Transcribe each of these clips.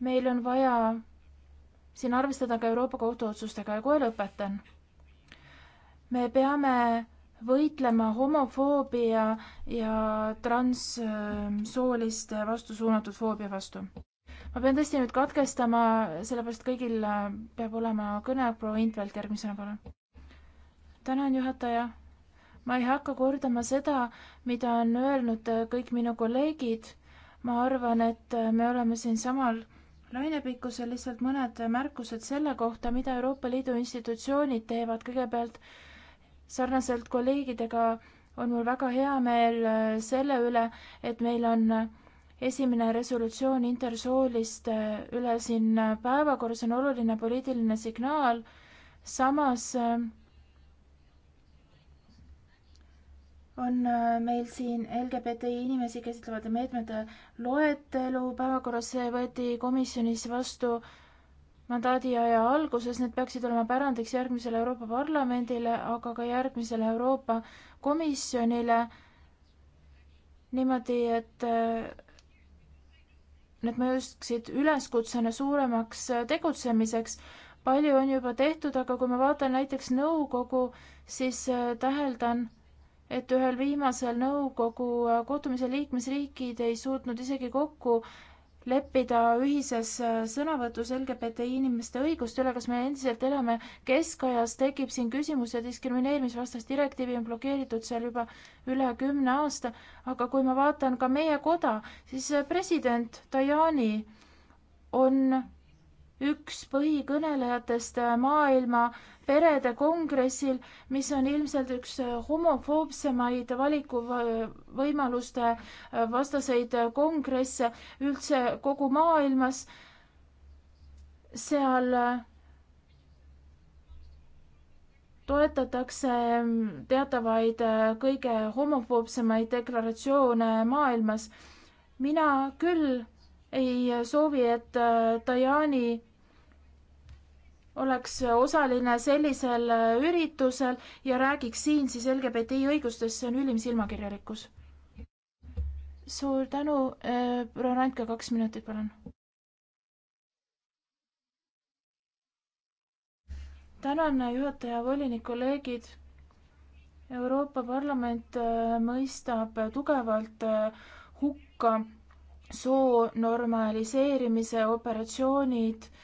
meil on vaja siin arvestada ka Euroopa Kohtu otsustega ja kohe lõpetan. me peame võitlema homofoobia ja transsooliste vastu suunatud foobia vastu. ma pean tõesti nüüd katkestama, sellepärast kõigil peab olema kõne, proua Intvelt järgmisena, palun. tänan, juhataja. ma ei hakka kordama seda, mida on öelnud kõik minu kolleegid. ma arvan, et me oleme siinsamal lainepikkusel lihtsalt mõned märkused selle kohta, mida Euroopa Liidu institutsioonid teevad. kõigepealt sarnaselt kolleegidega on mul väga hea meel äh, selle üle, et meil on esimene resolutsioon intersoolist äh, üle siin äh, päevakorras, on oluline poliitiline signaal. samas äh, on äh, meil siin LGBTI inimesi käsitlevate meetmete loetelu päevakorras, see võeti komisjonis vastu mandaadiaja alguses, need peaksid olema pärandiks järgmisele Euroopa Parlamendile, aga ka järgmisele Euroopa Komisjonile. niimoodi, et äh, need mõjuksid üleskutsena suuremaks äh, tegutsemiseks palju on juba tehtud, aga kui ma vaatan näiteks nõukogu, siis täheldan, et ühel viimasel nõukogu äh, kohtumisel liikmesriigid ei suutnud isegi kokku leppida ühises äh, sõnavõtus LGBTI inimeste õiguste üle, kas me endiselt elame keskajas, tekib siin küsimus ja diskrimineerimisvastast direktiivi on blokeeritud seal juba üle kümne aasta. aga kui ma vaatan ka meie koda, siis äh, president Tajani on üks põhikõnelejatest äh, maailma perede kongressil, mis on ilmselt üks äh, homofoobsemaid valikuvõimaluste äh, vastaseid kongresse üldse kogu maailmas. seal toetatakse mm, teatavaid kõige homofoobsemaid deklaratsioone maailmas. mina küll ei soovi, et Dajani oleks osaline sellisel äh, üritusel ja räägiks siin siis LGBTI õigustest, see on ülim silmakirjalikkus. suur tänu, äh, proua Randke, kaks minutit, palun. tänan, äh, juhataja, volinik, kolleegid. Euroopa Parlament mõistab tugevalt hukka soo normaliseerimise operatsioonid äh,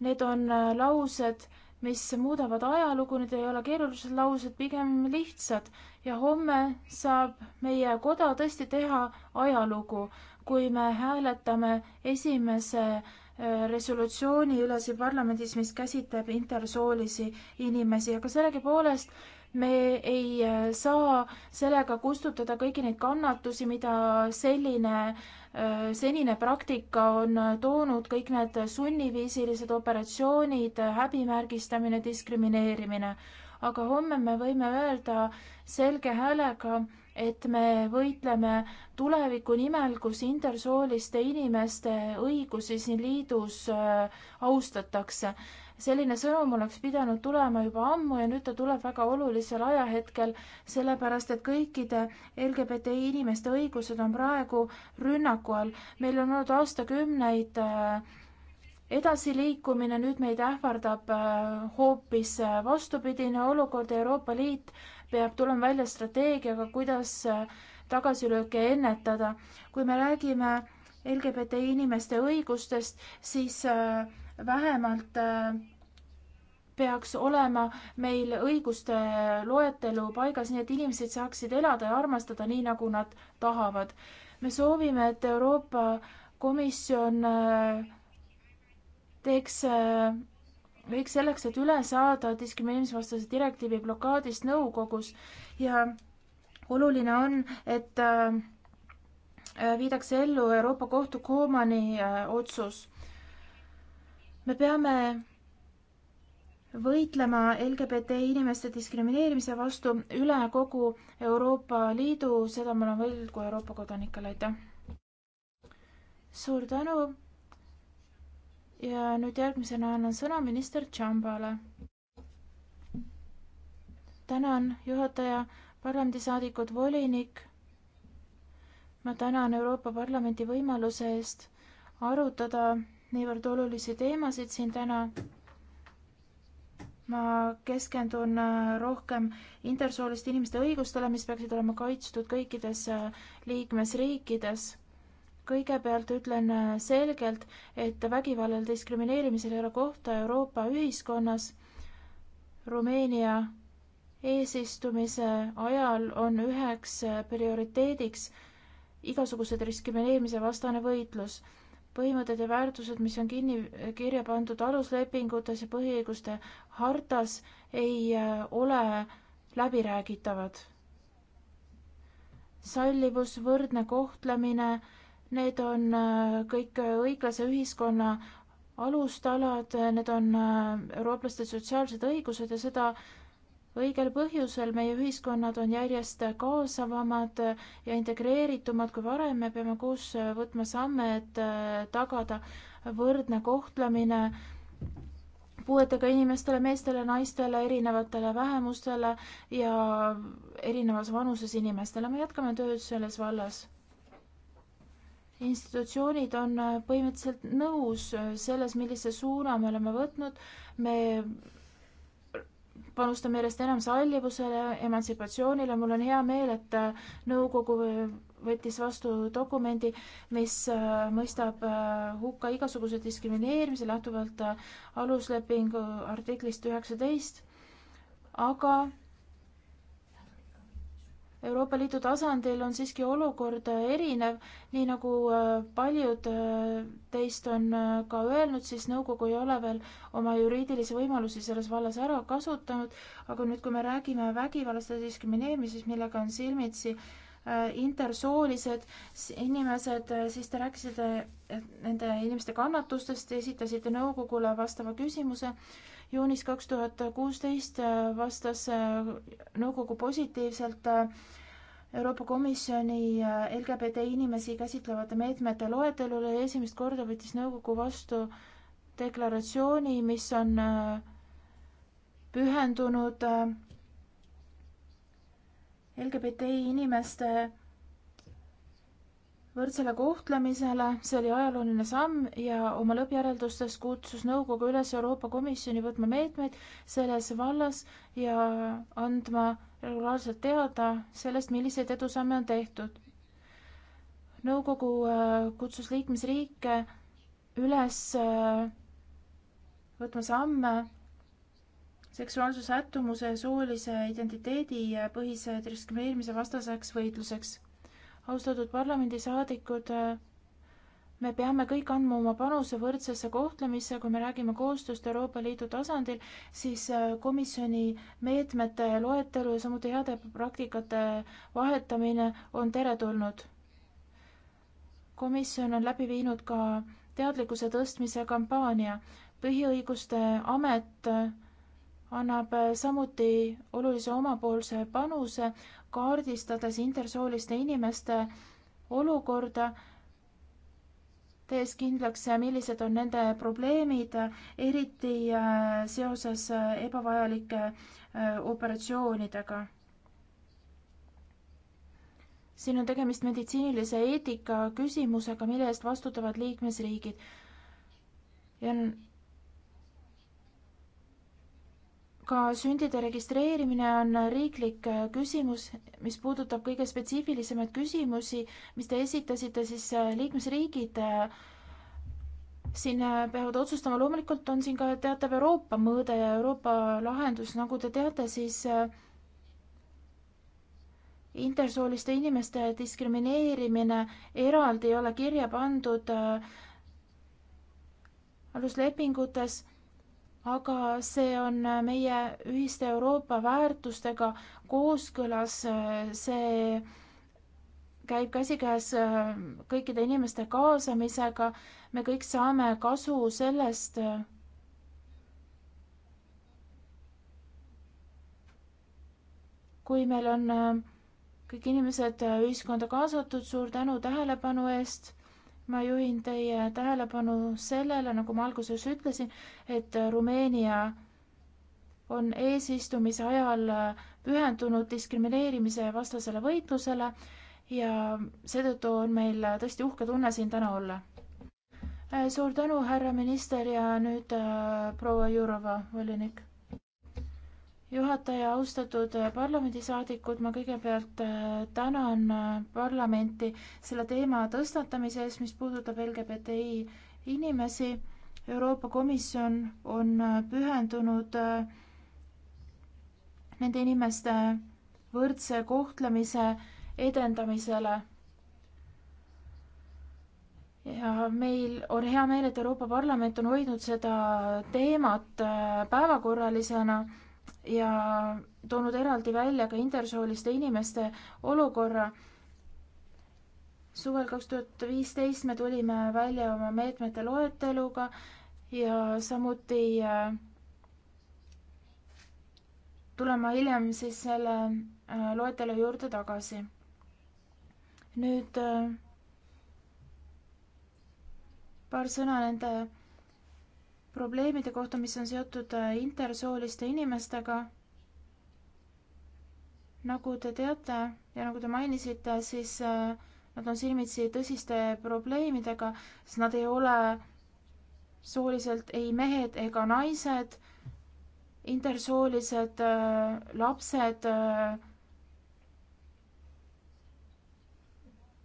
Need on äh, laused, mis muudavad ajalugu, need ei ole keerulised laused, pigem lihtsad. ja homme saab meie koda tõesti teha ajalugu, kui me hääletame esimese äh, resolutsiooni üle siin parlamendis, mis käsitleb intersoolisi inimesi, aga sellegipoolest me ei äh, saa sellega kustutada kõiki neid kannatusi, mida selline äh, senine praktika on äh, toonud, kõik need sunniviisilised operatsioonid, häbimärgistamine, diskrimineerimine. aga homme me võime öelda selge häälega, et me võitleme tuleviku nimel, kus intersooliste inimeste õigusi siin liidus austatakse selline sõnum oleks pidanud tulema juba ammu ja nüüd ta tuleb väga olulisel ajahetkel, sellepärast et kõikide LGBTI inimeste õigused on praegu rünnaku all. meil on olnud aastakümneid äh, edasiliikumine, nüüd meid ähvardab äh, hoopis äh, vastupidine olukord ja Euroopa Liit peab tulema välja strateegiaga, kuidas tagasilööke ennetada. kui me räägime LGBT inimeste õigustest, siis äh, vähemalt äh, peaks olema meil õiguste loetelu paigas, nii et inimesed saaksid elada ja armastada nii, nagu nad tahavad. me soovime, et Euroopa Komisjon äh, teeks äh, kõik selleks, et üle saada diskrimineerimisvastase direktiivi blokaadist nõukogus ja oluline on, et viidakse ellu Euroopa Kohtu Koomani otsus me peame võitlema LGBT inimeste diskrimineerimise vastu üle kogu Euroopa Liidu, seda ma olen võlgu Euroopa kodanikele, aitäh! suur tänu ja nüüd järgmisena annan sõna minister Tšambale. tänan, juhataja, parlamendisaadikud, volinik. ma tänan Euroopa Parlamendi võimaluse eest arutada niivõrd olulisi teemasid siin täna. ma keskendun äh, rohkem intersooliste inimeste õigustele, mis peaksid olema kaitstud kõikides äh, liikmesriikides. kõigepealt ütlen äh, selgelt, et vägivallal diskrimineerimisel ei ole kohta Euroopa ühiskonnas. Rumeenia eesistumise ajal on üheks prioriteediks igasuguse diskrimineerimise vastane võitlus põhimõtted ja väärtused, mis on kinni, kirja pandud aluslepingutes ja põhiõiguste hartas, ei äh, ole läbiräägitavad. sallivus, võrdne kohtlemine, need on äh, kõik õiglase ühiskonna alustalad, need on äh, eurooplaste sotsiaalsed õigused ja seda õigel põhjusel meie ühiskonnad on järjest kaasavamad ja integreeritumad kui varem, me peame koos võtma samme, et äh, tagada võrdne kohtlemine puuetega inimestele, meestele, naistele, erinevatele vähemustele ja erinevas vanuses inimestele. me jätkame tööd selles vallas. institutsioonid on äh, põhimõtteliselt nõus äh, selles, millise suuna me oleme võtnud. me panustame järjest enam sallivusele, emantsipatsioonile, mul on hea meel, et äh, nõukogu äh, võttis vastu dokumendi, mis äh, mõistab hukka igasuguse diskrimineerimise lähtuvalt aluslepingu artiklist üheksateist, aga Euroopa Liidu tasandil on siiski olukord äh, erinev, nii nagu äh, paljud äh, teist on ka öelnud, siis nõukogu ei ole veel oma juriidilisi võimalusi selles vallas ära kasutanud, aga nüüd, kui me räägime vägivallast ja diskrimineerimisest, millega on silmitsi intersoolised inimesed, siis te rääkisite nende inimeste kannatustest, esitasite nõukogule vastava küsimuse juunis kaks tuhat kuusteist äh, vastas äh, nõukogu positiivselt äh, Euroopa Komisjoni LGBT inimesi käsitlevate meetmete loetelule ja esimest korda võttis nõukogu vastu deklaratsiooni, mis on pühendunud LGBT inimeste võrdsele kohtlemisele, see oli ajalooline samm ja oma lõppjäreldustes kutsus nõukogu üles Euroopa Komisjoni võtma meetmeid selles vallas ja andma regulaarselt teada sellest, milliseid edusamme on tehtud. nõukogu äh, kutsus liikmesriike üles äh, võtma samme seksuaalse sättumuse ja soolise identiteedi põhise diskrimineerimise vastaseks võitluseks austatud parlamendisaadikud, äh, me peame kõik andma oma panuse võrdsesse kohtlemisse, kui me räägime koostööst Euroopa Liidu tasandil, siis äh, komisjoni meetmete loetelu ja samuti heade praktikate vahetamine on teretulnud. komisjon on läbi viinud ka teadlikkuse tõstmise kampaania. põhiõiguste amet äh, annab samuti olulise omapoolse panuse, kaardistades intersooliste inimeste olukorda, tehes kindlaks, millised on nende probleemid, eriti äh, seoses äh, ebavajalike äh, operatsioonidega. siin on tegemist meditsiinilise eetika küsimusega, mille eest vastutavad liikmesriigid. ja on ka sündide registreerimine on riiklik äh, küsimus, mis puudutab kõige spetsiifilisemaid küsimusi, mis te esitasite, siis äh, liikmesriigid äh, siin peavad otsustama, loomulikult on siin ka teatav Euroopa mõõde ja Euroopa lahendus, nagu te teate, siis intersooliste inimeste diskrimineerimine eraldi ei ole kirja pandud aluslepingutes aga see on äh, meie ühiste Euroopa väärtustega kooskõlas, äh, see käib käsikäes äh, kõikide inimeste kaasamisega, me kõik saame kasu sellest, kui meil on kõik inimesed ühiskonda kaasatud, suur tänu tähelepanu eest ma juhin teie tähelepanu sellele, nagu ma alguses ütlesin, et Rumeenia on eesistumise ajal pühendunud diskrimineerimise vastasele võitlusele ja seetõttu on meil tõesti uhke tunne siin täna olla. Äh, suur tänu, härra minister ja nüüd äh, proua Jurova, volinik juhataja, austatud parlamendisaadikud, ma kõigepealt äh, tänan äh, parlamenti selle teema tõstatamise eest, mis puudutab LGBTI inimesi. Euroopa Komisjon on äh, pühendunud nende inimeste võrdse kohtlemise edendamisele ja meil on hea meel, et Euroopa Parlament on hoidnud seda teemat päevakorralisena ja toonud eraldi välja ka intersooliste inimeste olukorra. suvel kaks tuhat viisteist me tulime välja oma meetmete loeteluga ja samuti äh, tulema hiljem siis selle äh, loetelu juurde tagasi. nüüd äh, paar sõna nende probleemide kohta, mis on seotud äh, intersooliste inimestega. nagu te teate ja nagu te mainisite, siis äh, nad on silmitsi tõsiste probleemidega, sest nad ei ole sooliselt ei mehed ega naised. intersoolised äh, lapsed äh,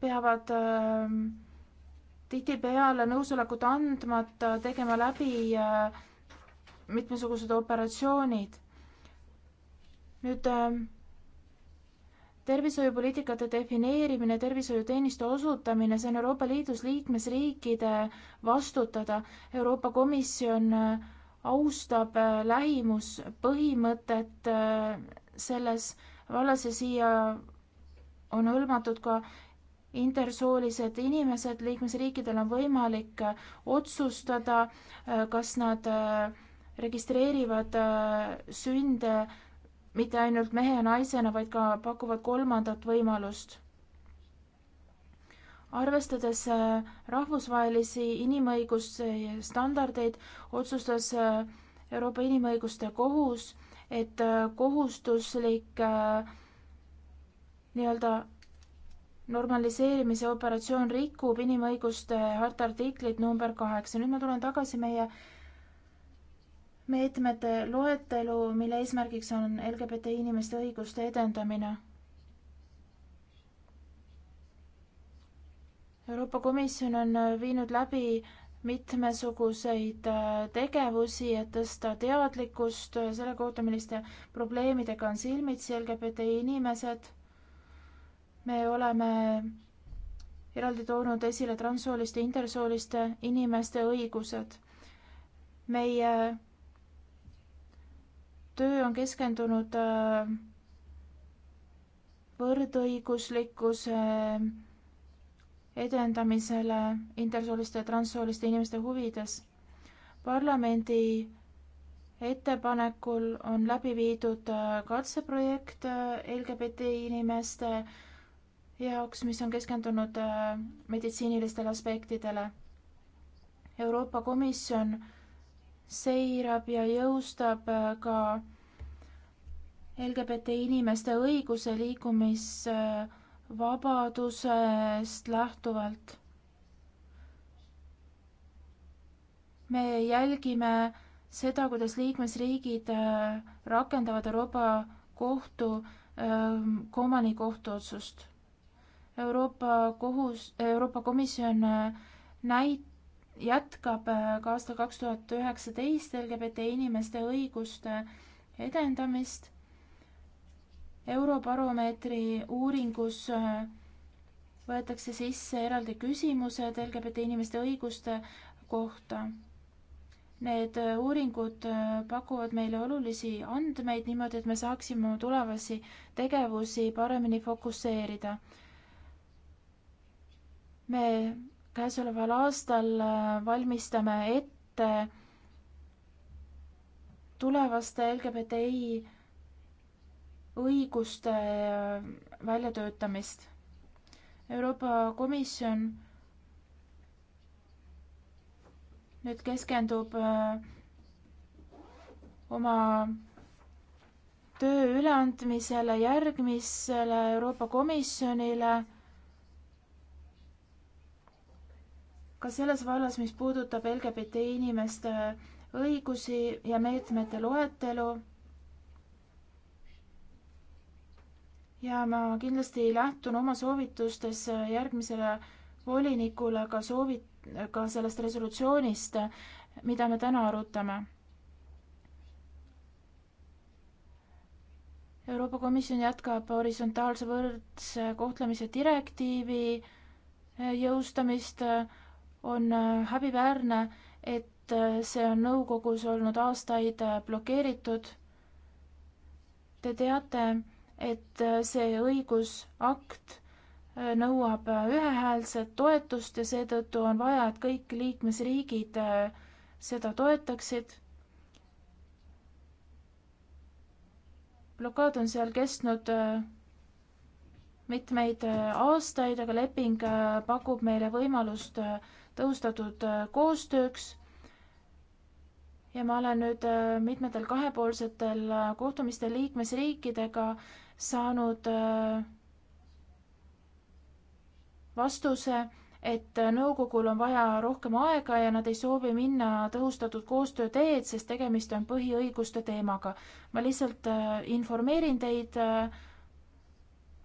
peavad äh, tihtipeale nõusolekut andmata tegema läbi äh, mitmesugused operatsioonid. nüüd ähm, tervishoiupoliitikate defineerimine, tervishoiuteenuste osutamine, see on Euroopa Liidus liikmesriikide vastutada. Euroopa Komisjon äh, austab äh, lähimuspõhimõtet selles vallas ja siia on hõlmatud ka intersoolised inimesed, liikmesriikidel on võimalik äh, otsustada, äh, kas nad äh, registreerivad sünde mitte ainult mehe ja naisena, vaid ka pakuvad kolmandat võimalust. arvestades rahvusvahelisi inimõiguste standardeid, otsustas Euroopa Inimõiguste Kohus, et kohustuslik nii-öelda normaliseerimise operatsioon rikub inimõiguste harta artiklit number kaheksa. nüüd ma tulen tagasi meie meetmete loetelu, mille eesmärgiks on LGBT inimeste õiguste edendamine. Euroopa Komisjon on viinud läbi mitmesuguseid äh, tegevusi, et tõsta teadlikkust selle kohta, milliste probleemidega on silmitsi LGBT inimesed me oleme eraldi toonud esile transsooliste, intersooliste inimeste õigused. meie töö on keskendunud äh, võrdõiguslikkuse äh, edendamisele intersooliste ja transsooliste inimeste huvides. parlamendi ettepanekul on läbi viidud äh, katseprojekt LGBT inimeste jaoks, mis on keskendunud äh, meditsiinilistele aspektidele. Euroopa Komisjon seirab ja jõustab äh, ka LGBT inimeste õiguse liikumisvabadusest äh, lähtuvalt. me jälgime seda, kuidas liikmesriigid rakendavad Euroopa Kohtu Komani kohtuotsust Euroopa kohus, Euroopa Komisjon äh, näit-, jätkab äh, ka aastal kaks tuhat üheksateist LGBT inimeste õiguste edendamist. Eurobaromeetri uuringus äh, võetakse sisse eraldi küsimused LGBT inimeste õiguste kohta. Need uuringud pakuvad meile olulisi andmeid niimoodi, et me saaksime oma tulevasi tegevusi paremini fokusseerida me käesoleval aastal äh, valmistame ette tulevaste LGBTI õiguste äh, väljatöötamist. Euroopa Komisjon nüüd keskendub äh, oma töö üleandmisele järgmisele Euroopa Komisjonile ka selles vallas, mis puudutab LGBT inimeste õigusi ja meetmete loetelu. ja ma kindlasti lähtun oma soovitustes järgmisele volinikule ka soovi, ka sellest resolutsioonist, mida me täna arutame. Euroopa Komisjon jätkab horisontaalse võrdse kohtlemise direktiivi jõustamist on äh, häbiväärne, et äh, see on nõukogus olnud aastaid äh, blokeeritud. Te teate, et see õigusakt nõuab ühehäälset toetust ja seetõttu on vaja, et kõik liikmesriigid seda toetaksid. blokaad on seal kestnud mitmeid aastaid, aga leping pakub meile võimalust tõhustatud äh, koostööks ja ma olen nüüd äh, mitmetel kahepoolsetel äh, kohtumistel liikmesriikidega saanud vastuse, et nõukogul on vaja rohkem aega ja nad ei soovi minna tõhustatud koostöö teed, sest tegemist on põhiõiguste teemaga. ma lihtsalt informeerin teid äh,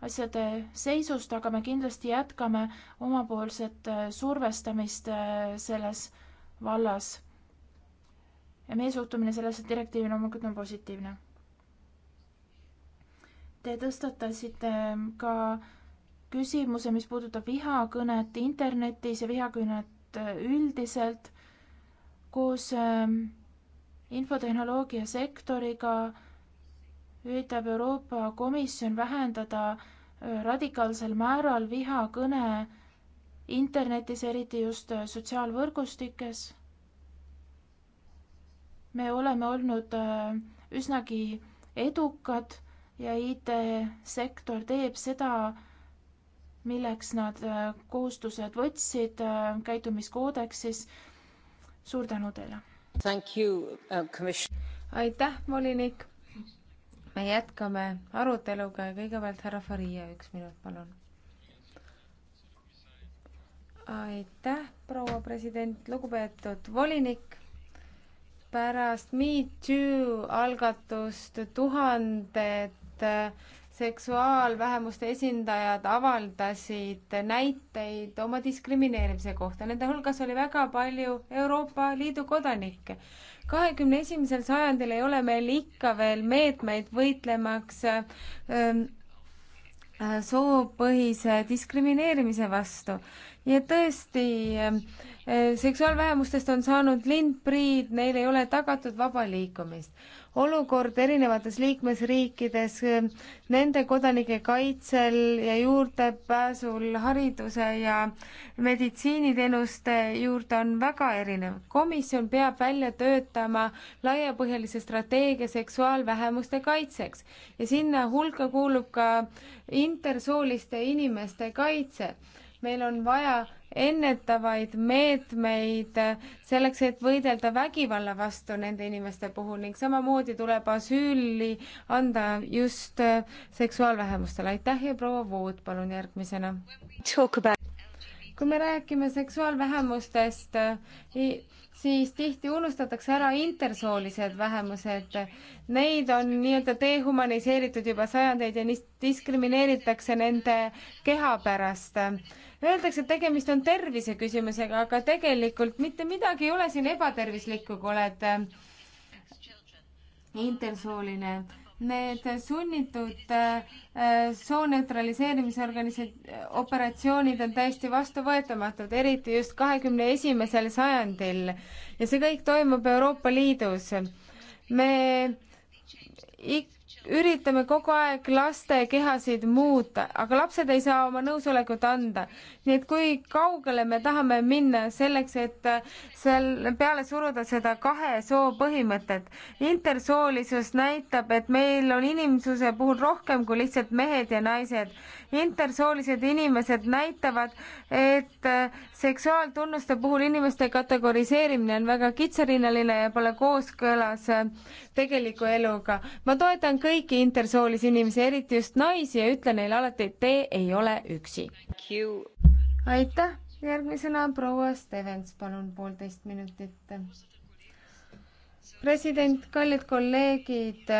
asjade seisust, aga me kindlasti jätkame omapoolset äh, survestamist äh, selles vallas. ja meie suhtumine sellesse direktiivi loomulikult on positiivne. Te tõstatasite ähm, ka küsimuse, mis puudutab vihakõnet internetis ja vihakõnet äh, üldiselt koos ähm, infotehnoloogia sektoriga üritab Euroopa Komisjon vähendada äh, radikaalsel määral vihakõne internetis, eriti just äh, sotsiaalvõrgustikes. me oleme olnud äh, üsnagi edukad ja IT-sektor teeb seda, milleks nad kohustused võtsid käitumiskoodeksis. suur tänu teile! Uh, aitäh, volinik! me jätkame aruteluga ja kõigepealt härra Faria, üks minut, palun. aitäh, proua president, lugupeetud volinik. pärast Me Too algatust tuhanded seksuaalvähemuste esindajad avaldasid näiteid oma diskrimineerimise kohta, nende hulgas oli väga palju Euroopa Liidu kodanikke kahekümne esimesel sajandil ei ole meil ikka veel meetmeid võitlemaks ähm, äh, soopõhise diskrimineerimise vastu. ja tõesti, ähm, äh, seksuaalvähemustest on saanud lindpriid, neil ei ole tagatud vaba liikumist olukord erinevates liikmesriikides nende kodanike kaitsel ja juurdepääsul hariduse ja meditsiiniteenuste juurde on väga erinev. komisjon peab välja töötama laiapõhjalise strateegia seksuaalvähemuste kaitseks ja sinna hulka kuulub ka intersooliste inimeste kaitse meil on vaja ennetavaid meetmeid selleks, et võidelda vägivalla vastu nende inimeste puhul ning samamoodi tuleb asüüli anda just seksuaalvähemustele. aitäh ja proua Vood, palun järgmisena kui me räägime seksuaalvähemustest, siis tihti unustatakse ära intersoolised vähemused. Neid on nii-öelda dehumaniseeritud juba sajandeid ja diskrimineeritakse nende keha pärast. Öeldakse, et tegemist on terviseküsimusega, aga tegelikult mitte midagi ei ole siin ebatervislikku, kui oled äh, intersooline need sunnitud äh, sooneutraliseerimise organisa-, operatsioonid on täiesti vastuvõetamatud, eriti just kahekümne esimesel sajandil. ja see kõik toimub Euroopa Liidus. me ik-, üritame kogu aeg laste kehasid muuta, aga lapsed ei saa oma nõusolekut anda. nii et kui kaugele me tahame minna selleks, et seal peale suruda seda kahe soo põhimõtet. intersoolisus näitab, et meil on inimsuse puhul rohkem kui lihtsalt mehed ja naised. intersoolised inimesed näitavad, et seksuaaltunnuste puhul inimeste kategoriseerimine on väga kitsarinnaline ja pole kooskõlas tegeliku eluga. ma toetan kõiki intersoolisi inimesi, eriti just naisi ja ütlen neile alati, et te ei ole üksi. aitäh, järgmisena proua Stevens, palun poolteist minutit. president, kallid kolleegid,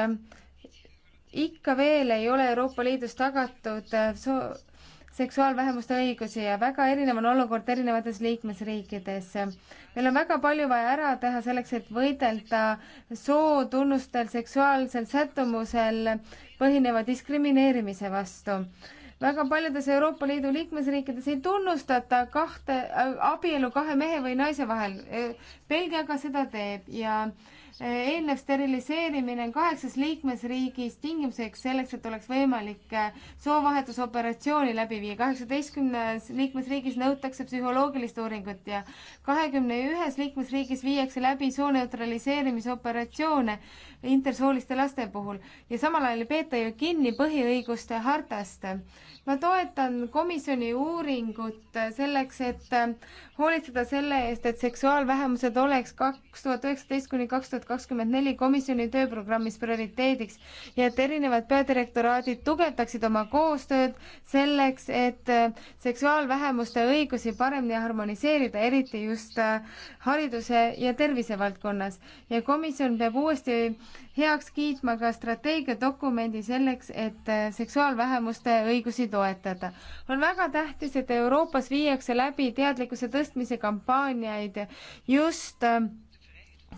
ikka veel ei ole Euroopa Liidus tagatud soo-, seksuaalvähemuste õigusi ja väga erinev on olukord erinevates liikmesriikides. meil on väga palju vaja ära teha selleks, et võidelda sootunnustel, seksuaalsel sättumusel põhineva diskrimineerimise vastu väga paljudes Euroopa Liidu liikmesriikides ei tunnustata kahte äh,, abielu kahe mehe või naise vahel. Äh, Belgia aga seda teeb ja äh, eelnev steriliseerimine on kaheksas liikmesriigis tingimuseks selleks, et oleks võimalik äh, soovahetusoperatsiooni läbi viia. kaheksateistkümnes liikmesriigis nõutakse psühholoogilist uuringut ja kahekümne ühes liikmesriigis viiakse läbi sooneutraliseerimisoperatsioone intersooliste laste puhul ja samal ajal ei peeta ju kinni põhiõiguste hartast. ma toetan komisjoni uuringut selleks, et hoolitseda selle eest, et seksuaalvähemused oleks kaks tuhat üheksateist kuni kaks tuhat tuhat kakskümmend neli komisjoni tööprogrammis prioriteediks ja et erinevad peadirektoraadid tugevdaksid oma koostööd selleks, et äh, seksuaalvähemuste õigusi paremini harmoniseerida, eriti just äh, hariduse ja tervise valdkonnas. ja komisjon peab uuesti heaks kiitma ka strateegiadokumendi selleks, et äh, seksuaalvähemuste õigusi toetada. on väga tähtis, et Euroopas viiakse läbi teadlikkuse tõstmise kampaaniaid just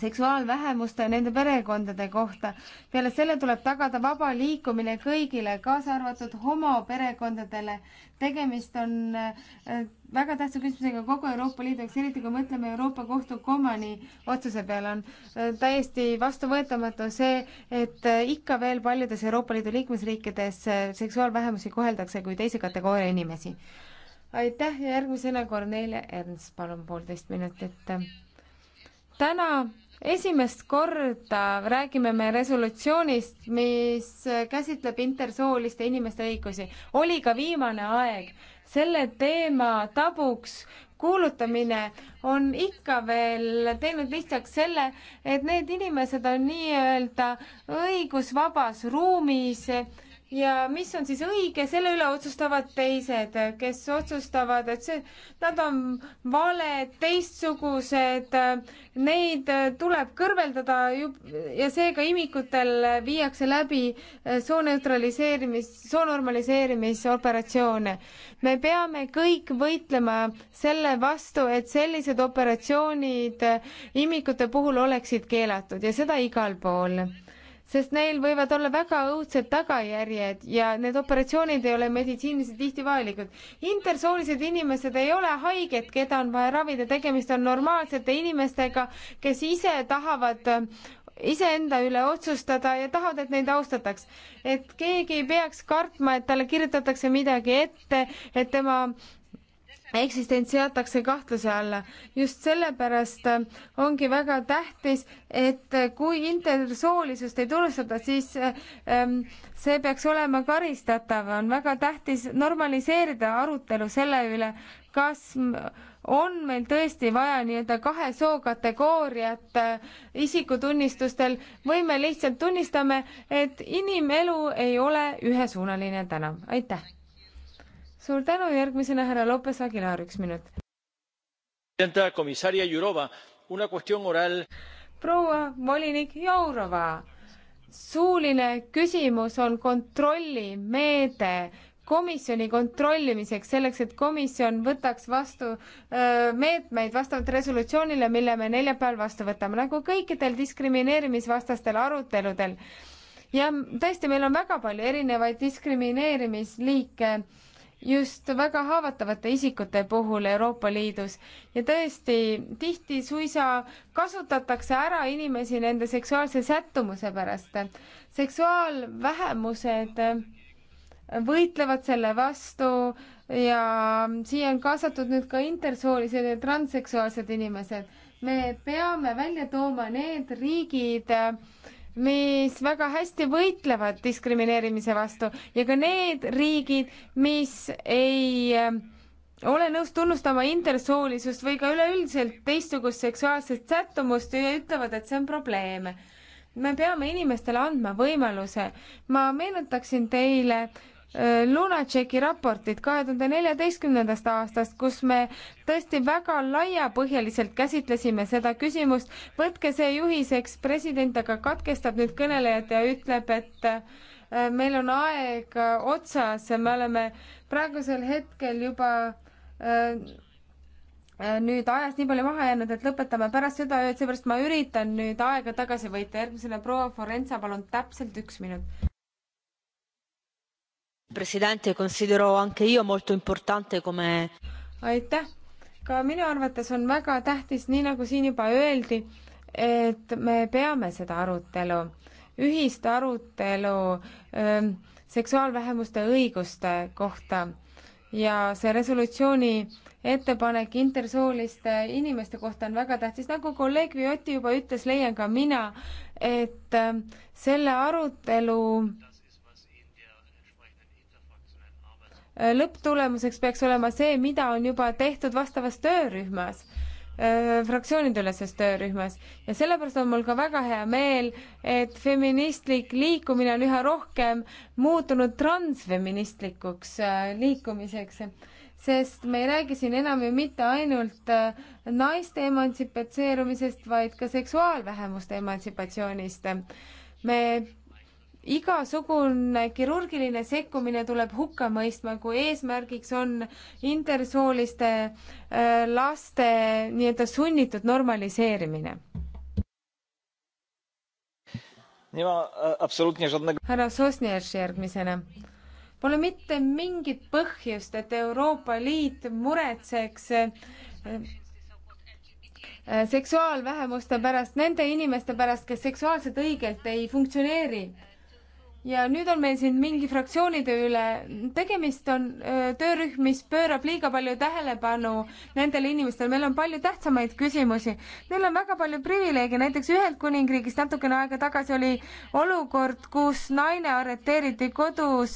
seksuaalvähemuste ja nende perekondade kohta. peale selle tuleb tagada vaba liikumine kõigile, kaasa arvatud homoperekondadele. tegemist on äh, väga tähtsa küsimusega kogu Euroopa Liidu jaoks, eriti kui mõtleme Euroopa Kohtu Komani otsuse peale, on äh, täiesti vastuvõetamatu see, et äh, ikka veel paljudes Euroopa Liidu liikmesriikides seksuaalvähemusi koheldakse kui teise kategooria inimesi. aitäh ja järgmisena Kornelia Ernst, palun poolteist minutit. täna esimest korda räägime me resolutsioonist, mis käsitleb intersooliste inimeste õigusi. oli ka viimane aeg. selle teema tabuks kuulutamine on ikka veel teinud lihtsaks selle, et need inimesed on nii-öelda õigusvabas ruumis ja mis on siis õige, selle üle otsustavad teised, kes otsustavad, et see, nad on valed, teistsugused, neid tuleb kõrveldada ja seega imikutel viiakse läbi äh, sooneutraliseerimis, soonormaliseerimisoperatsioone. me peame kõik võitlema selle vastu, et sellised operatsioonid äh, imikute puhul oleksid keelatud ja seda igal pool sest neil võivad olla väga õudsed tagajärjed ja need operatsioonid ei ole meditsiiniliselt tihti vajalikud. intersoolised inimesed ei ole haiged, keda on vaja ravida, tegemist on normaalsete inimestega, kes ise tahavad äh, iseenda üle otsustada ja tahavad, et neid austataks. et keegi ei peaks kartma, et talle kirjutatakse midagi ette, et tema eksistents seatakse kahtluse alla. just sellepärast ongi väga tähtis, et kui intersoolisust ei tunnustata, siis ähm, see peaks olema karistatav. on väga tähtis normaliseerida arutelu selle üle, kas on meil tõesti vaja nii-öelda kahe soo kategooriat äh, isikutunnistustel või me lihtsalt tunnistame, et inimelu ei ole ühesuunaline tänav. aitäh! suur tänu, järgmisena härra Lopes Aguilar, üks minut. proua volinik Jourova, suuline küsimus on kontrollimeede komisjoni kontrollimiseks, selleks et komisjon võtaks vastu öö, meetmeid vastavalt resolutsioonile, mille me neljapäeval vastu võtame, nagu kõikidel diskrimineerimisvastastel aruteludel. ja tõesti, meil on väga palju erinevaid diskrimineerimisliike just väga haavatavate isikute puhul Euroopa Liidus ja tõesti, tihti suisa kasutatakse ära inimesi nende seksuaalse sättumuse pärast. seksuaalvähemused võitlevad selle vastu ja siia on kaasatud nüüd ka intersoolised ja transseksuaalsed inimesed. me peame välja tooma need riigid, mis väga hästi võitlevad diskrimineerimise vastu ja ka need riigid, mis ei äh, ole nõus tunnustama intersoolisust või ka üleüldiselt teistsugust seksuaalset sättumust ja ütlevad, et see on probleem. me peame inimestele andma võimaluse. ma meenutaksin teile Lunacheki raportit kahe tuhande neljateistkümnendast aastast, kus me tõesti väga laiapõhjaliselt käsitlesime seda küsimust. võtke see juhiseks, president aga katkestab nüüd kõnelejat ja ütleb, et äh, meil on aeg otsas, me oleme praegusel hetkel juba äh, äh, nüüd ajast nii palju maha jäänud, et lõpetame pärast seda ööd, seepärast ma üritan nüüd aega tagasi võita. järgmisena proua Forenza, palun täpselt üks minut president, considero anche io molto importante come. aitäh, ka minu arvates on väga tähtis, nii nagu siin juba öeldi, et me peame seda arutelu, ühist arutelu öö, ähm, seksuaalvähemuste õiguste kohta ja see resolutsiooni ettepanek intersooliste inimeste kohta on väga tähtis, nagu kolleeg Vioti juba ütles, leian ka mina, et ähm, selle arutelu lõpptulemuseks peaks olema see, mida on juba tehtud vastavas töörühmas äh, fraktsioonideüleses töörühmas ja sellepärast on mul ka väga hea meel, et feministlik liikumine on üha rohkem muutunud transfeministlikuks äh, liikumiseks, sest me ei räägi siin enam ju mitte ainult äh, naiste emantsipatseerumisest, vaid ka seksuaalvähemuste emantsipatsioonist. me igasugune kirurgiline sekkumine tuleb hukka mõistma, kui eesmärgiks on intersooliste äh, laste nii-öelda sunnitud normaliseerimine. E, härra Sosnjev järgmisena. Pole mitte mingit põhjust, et Euroopa Liit muretseks e, e, seksuaalvähemuste pärast, nende inimeste pärast, kes seksuaalselt õigelt ei funktsioneeri ja nüüd on meil siin mingi fraktsioonide üle, tegemist on töörühm, mis pöörab liiga palju tähelepanu nendele inimestele, meil on palju tähtsamaid küsimusi. Neil on väga palju privileege, näiteks Ühendkuningriigis natukene aega tagasi oli olukord, kus naine arreteeriti kodus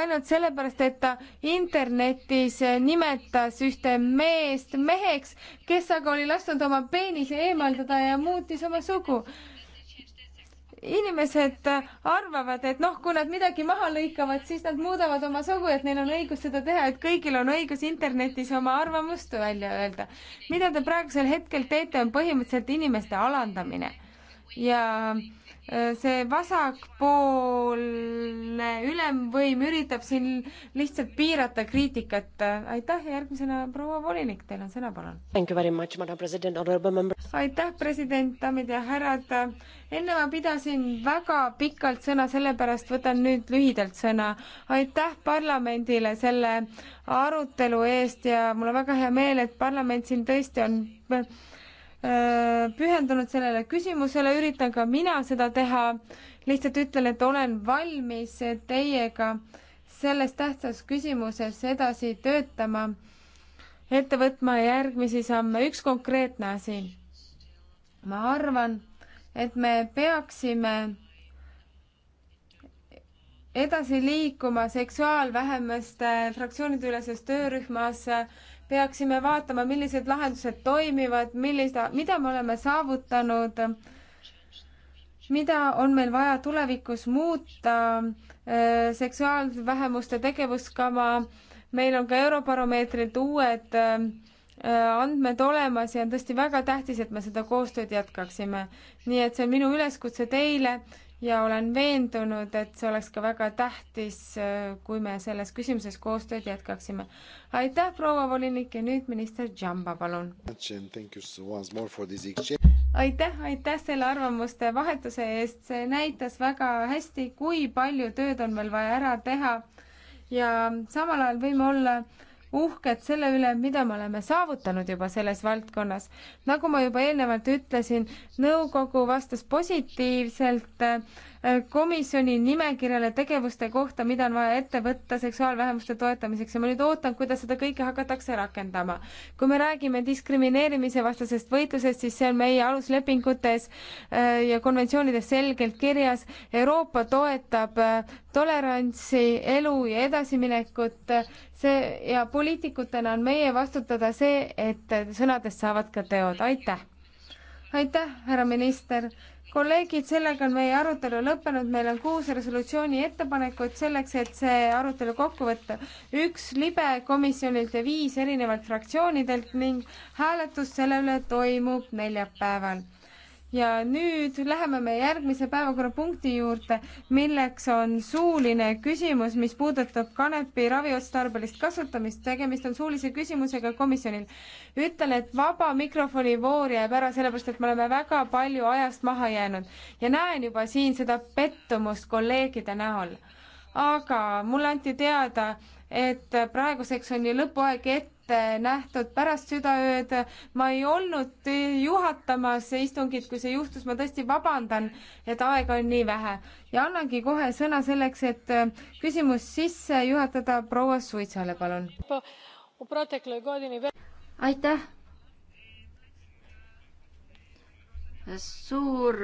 ainult sellepärast, et ta internetis nimetas ühte meest meheks, kes aga oli lasknud oma peenise eemaldada ja muutis oma sugu inimesed arvavad, et noh, kui nad midagi maha lõikavad, siis nad muudavad oma sugu, et neil on õigus seda teha, et kõigil on õigus internetis oma arvamust välja öelda. mida te praegusel hetkel teete, on põhimõtteliselt inimeste alandamine ja äh, see vasakpoolne ülemvõim üritab siin lihtsalt piirata kriitikat. aitäh ja järgmisena proua volinik, teil on sõna, palun. aitäh, president, daamid ja härrad. enne ma pidasin väga pikalt sõna, sellepärast võtan nüüd lühidalt sõna. aitäh parlamendile selle arutelu eest ja mul on väga hea meel, et parlament siin tõesti on pühendunud sellele küsimusele, üritan ka mina seda teha. lihtsalt ütlen, et olen valmis teiega selles tähtsas küsimuses edasi töötama, ette võtma järgmisi samme. üks konkreetne asi. ma arvan, et me peaksime edasi liikuma seksuaalvähemuste fraktsioonide üleses töörühmas äh, peaksime vaatama, millised lahendused toimivad, millist, mida me oleme saavutanud, mida on meil vaja tulevikus muuta, äh, seksuaalvähemuste tegevuskava, meil on ka Eurobaromeetrilt uued äh, andmed olemas ja on tõesti väga tähtis, et me seda koostööd jätkaksime. nii et see on minu üleskutse teile ja olen veendunud, et see oleks ka väga tähtis, kui me selles küsimuses koostööd jätkaksime. aitäh, proua volinik ja nüüd minister Džamba, palun. aitäh, aitäh selle arvamuste vahetuse eest, see näitas väga hästi, kui palju tööd on veel vaja ära teha ja samal ajal võime olla uhked selle üle, mida me oleme saavutanud juba selles valdkonnas. nagu ma juba eelnevalt ütlesin, nõukogu vastas positiivselt komisjoni nimekirjale tegevuste kohta, mida on vaja ette võtta seksuaalvähemuste toetamiseks ja ma nüüd ootan, kuidas seda kõike hakatakse rakendama. kui me räägime diskrimineerimise vastasest võitlusest, siis see on meie aluslepingutes äh, ja konventsioonides selgelt kirjas. Euroopa toetab äh, tolerantsi, elu ja edasiminekut, see ja poliitikutena on meie vastutada see, et sõnadest saavad ka teod, aitäh! aitäh, härra minister! kolleegid, sellega on meie arutelu lõppenud, meil on kuus resolutsiooni ettepanekut selleks, et see arutelu kokku võtta. üks libe komisjonilt ja viis erinevalt fraktsioonidelt ning hääletus selle üle toimub neljapäeval ja nüüd läheme me järgmise päevakorrapunkti juurde, milleks on suuline küsimus, mis puudutab kanepi raviotstarbelist kasutamist. tegemist on suulise küsimusega komisjonil. ütlen, et vaba mikrofoni voor jääb ära, sellepärast et me oleme väga palju ajast maha jäänud ja näen juba siin seda pettumust kolleegide näol. aga mulle anti teada, et praeguseks on ju lõpuaeg ette ette nähtud pärast südaööd. ma ei olnud juhatamas istungit, kui see juhtus, ma tõesti vabandan, et aega on nii vähe ja annangi kohe sõna selleks, et küsimus sisse juhatada proua Suitsale, palun. aitäh. suur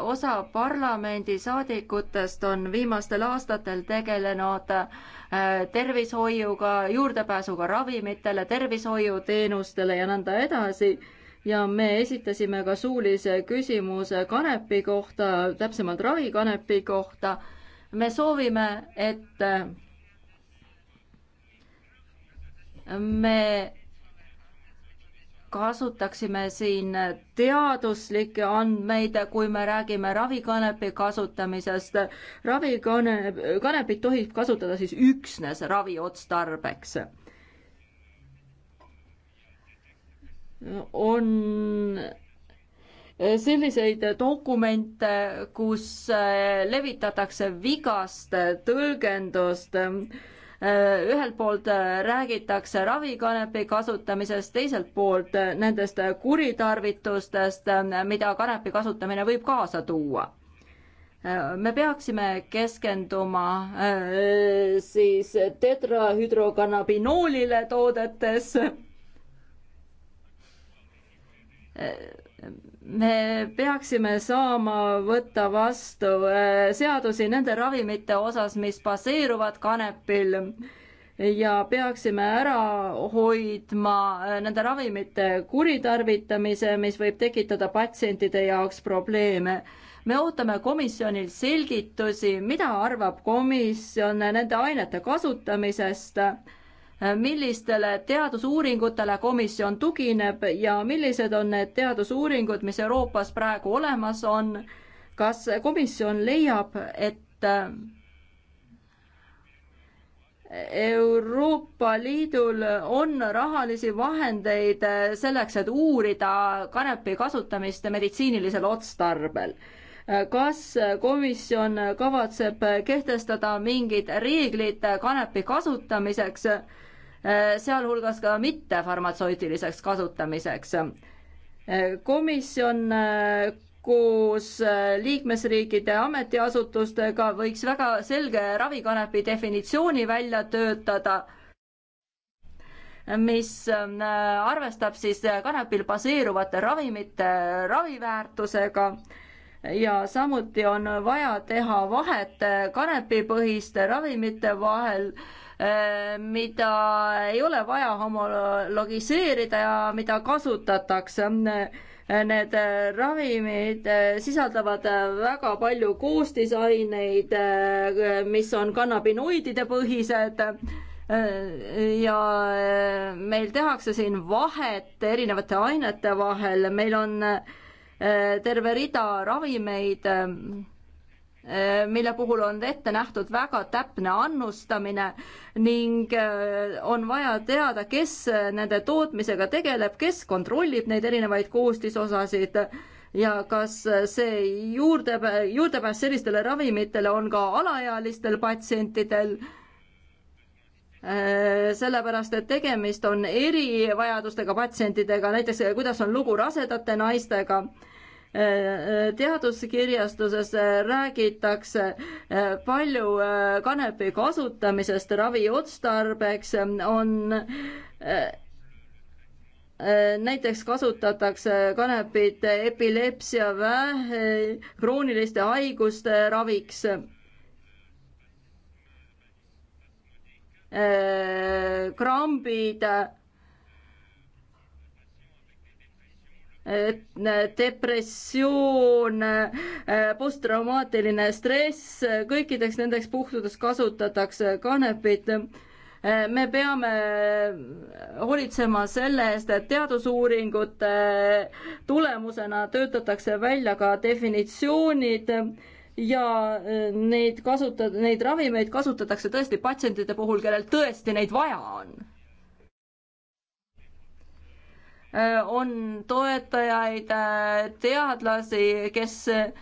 osa parlamendisaadikutest on viimastel aastatel tegelenud tervishoiuga, juurdepääsuga ravimitele, tervishoiuteenustele ja nõnda edasi. ja me esitasime ka suulise küsimuse kanepi kohta, täpsemalt ravikanepi kohta. me soovime, et me kasutaksime siin teaduslikke andmeid, kui me räägime ravikanepi kasutamisest. ravikanep, kanepit tohib kasutada siis üksnes raviotstarbeks. on selliseid dokumente, kus levitatakse vigast tõlgendust Äh, ühelt poolt äh, räägitakse ravikanepi kasutamisest, teiselt poolt äh, nendest kuritarvitustest, mida kanepi kasutamine võib kaasa tuua me peaksime keskenduma siis tetrahüdrokannabinoolile toodetes me peaksime saama võtta vastu äh, seadusi nende ravimite osas, mis baseeruvad kanepil ja peaksime ära hoidma äh, nende ravimite kuritarvitamise, mis võib tekitada patsientide jaoks probleeme. me ootame komisjonil selgitusi, mida arvab komisjon nende ainete kasutamisest millistele teadusuuringutele komisjon tugineb ja millised on need teadusuuringud, mis Euroopas praegu olemas on. kas komisjon leiab, et äh, Euroopa Liidul on rahalisi vahendeid äh, selleks, et uurida kanepi kasutamist meditsiinilisel otstarbel äh, kas komisjon kavatseb kehtestada mingid reeglid kanepi kasutamiseks Äh, sealhulgas ka mittefarmatseuutiliseks kasutamiseks. Äh, komisjon äh, koos liikmesriikide ametiasutustega võiks väga selge ravikanepi definitsiooni välja töötada, mis arvestab siis kanepil baseeruvate ravimite raviväärtusega ja samuti on vaja teha vahet kanepipõhiste ravimite vahel äh, Äh, mida ei ole vaja homologiseerida ja mida kasutatakse need ravimid äh, sisaldavad äh, väga palju koostisaineid, mis on kannabinoidide põhised ja meil tehakse siin vahet erinevate ainete vahel, meil on terve rida ravimeid Äh, mille puhul on ette nähtud väga täpne annustamine ning äh, on vaja teada, kes äh, nende tootmisega tegeleb, kes kontrollib neid erinevaid koostisosasid ja kas see juurde, juurdepääs sellistele ravimitele on ka alaealistel patsientidel sellepärast, et tegemist on erivajadustega patsientidega, näiteks kuidas on lugu rasedate naistega teaduskirjastuses räägitakse eh, palju eh, kanepi kasutamisest ravi otstarbeks, eh, on näiteks kasutatakse kanepit epilepsia, vähe, krooniliste haiguste raviks. krambid depressioon, äh, posttraumaatiline stress, kõikideks nendeks puhkudeks kasutatakse kanepit. Äh, me peame hoolitsema selle eest, et teadusuuringute tulemusena töötatakse välja ka definitsioonid ja äh, neid kasutada, neid ravimeid kasutatakse tõesti patsientide puhul, kellel tõesti neid vaja on Äh, on toetajaid, äh, teadlasi, kes äh,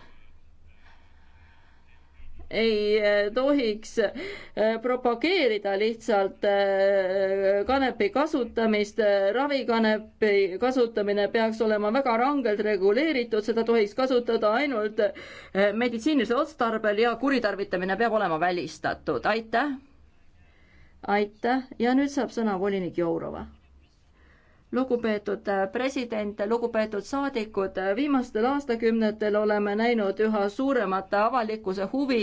ei tohiks propageerida lihtsalt kanepi kasutamist. ravikanepi kasutamine peaks olema väga rangelt reguleeritud, seda tohiks kasutada ainult meditsiinilisel otstarbel ja kuritarvitamine peab olema välistatud. aitäh. aitäh ja nüüd saab sõna volinik Jourova lugupeetud äh, president, lugupeetud saadikud, äh, viimastel aastakümnetel oleme näinud üha suuremat avalikkuse huvi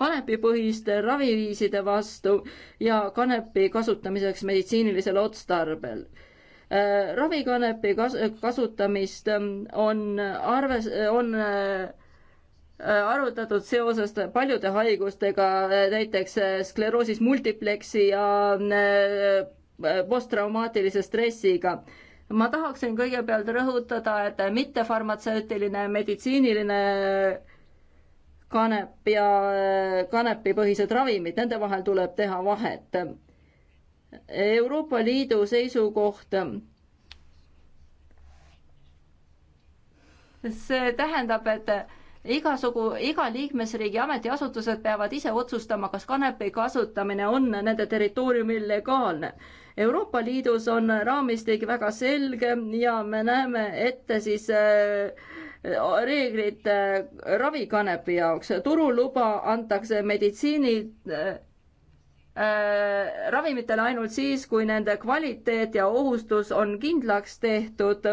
kanepipõhiste raviviiside vastu ja kanepi kasutamiseks meditsiinilisel otstarbel äh, ravikanepi kas-, kasutamist ähm, on arves, on arutatud seoses paljude haigustega, näiteks skleroosis multipleksi ja posttraumaatilise stressiga ma tahaksin kõigepealt rõhutada, et mittefarmatseutiline meditsiiniline kanep ja äh, kanepipõhised ravimid, nende vahel tuleb teha vahet. Euroopa Liidu seisukoht. see tähendab, et igasugu, iga liikmesriigi ametiasutused peavad ise otsustama, kas kanepi kasutamine on nende territooriumil legaalne Euroopa Liidus on raamistik väga selge ja me näeme ette siis äh, reeglid äh, ravikanepi jaoks. turuluba antakse meditsiini äh, ravimitele ainult siis, kui nende kvaliteet ja ohustus on kindlaks tehtud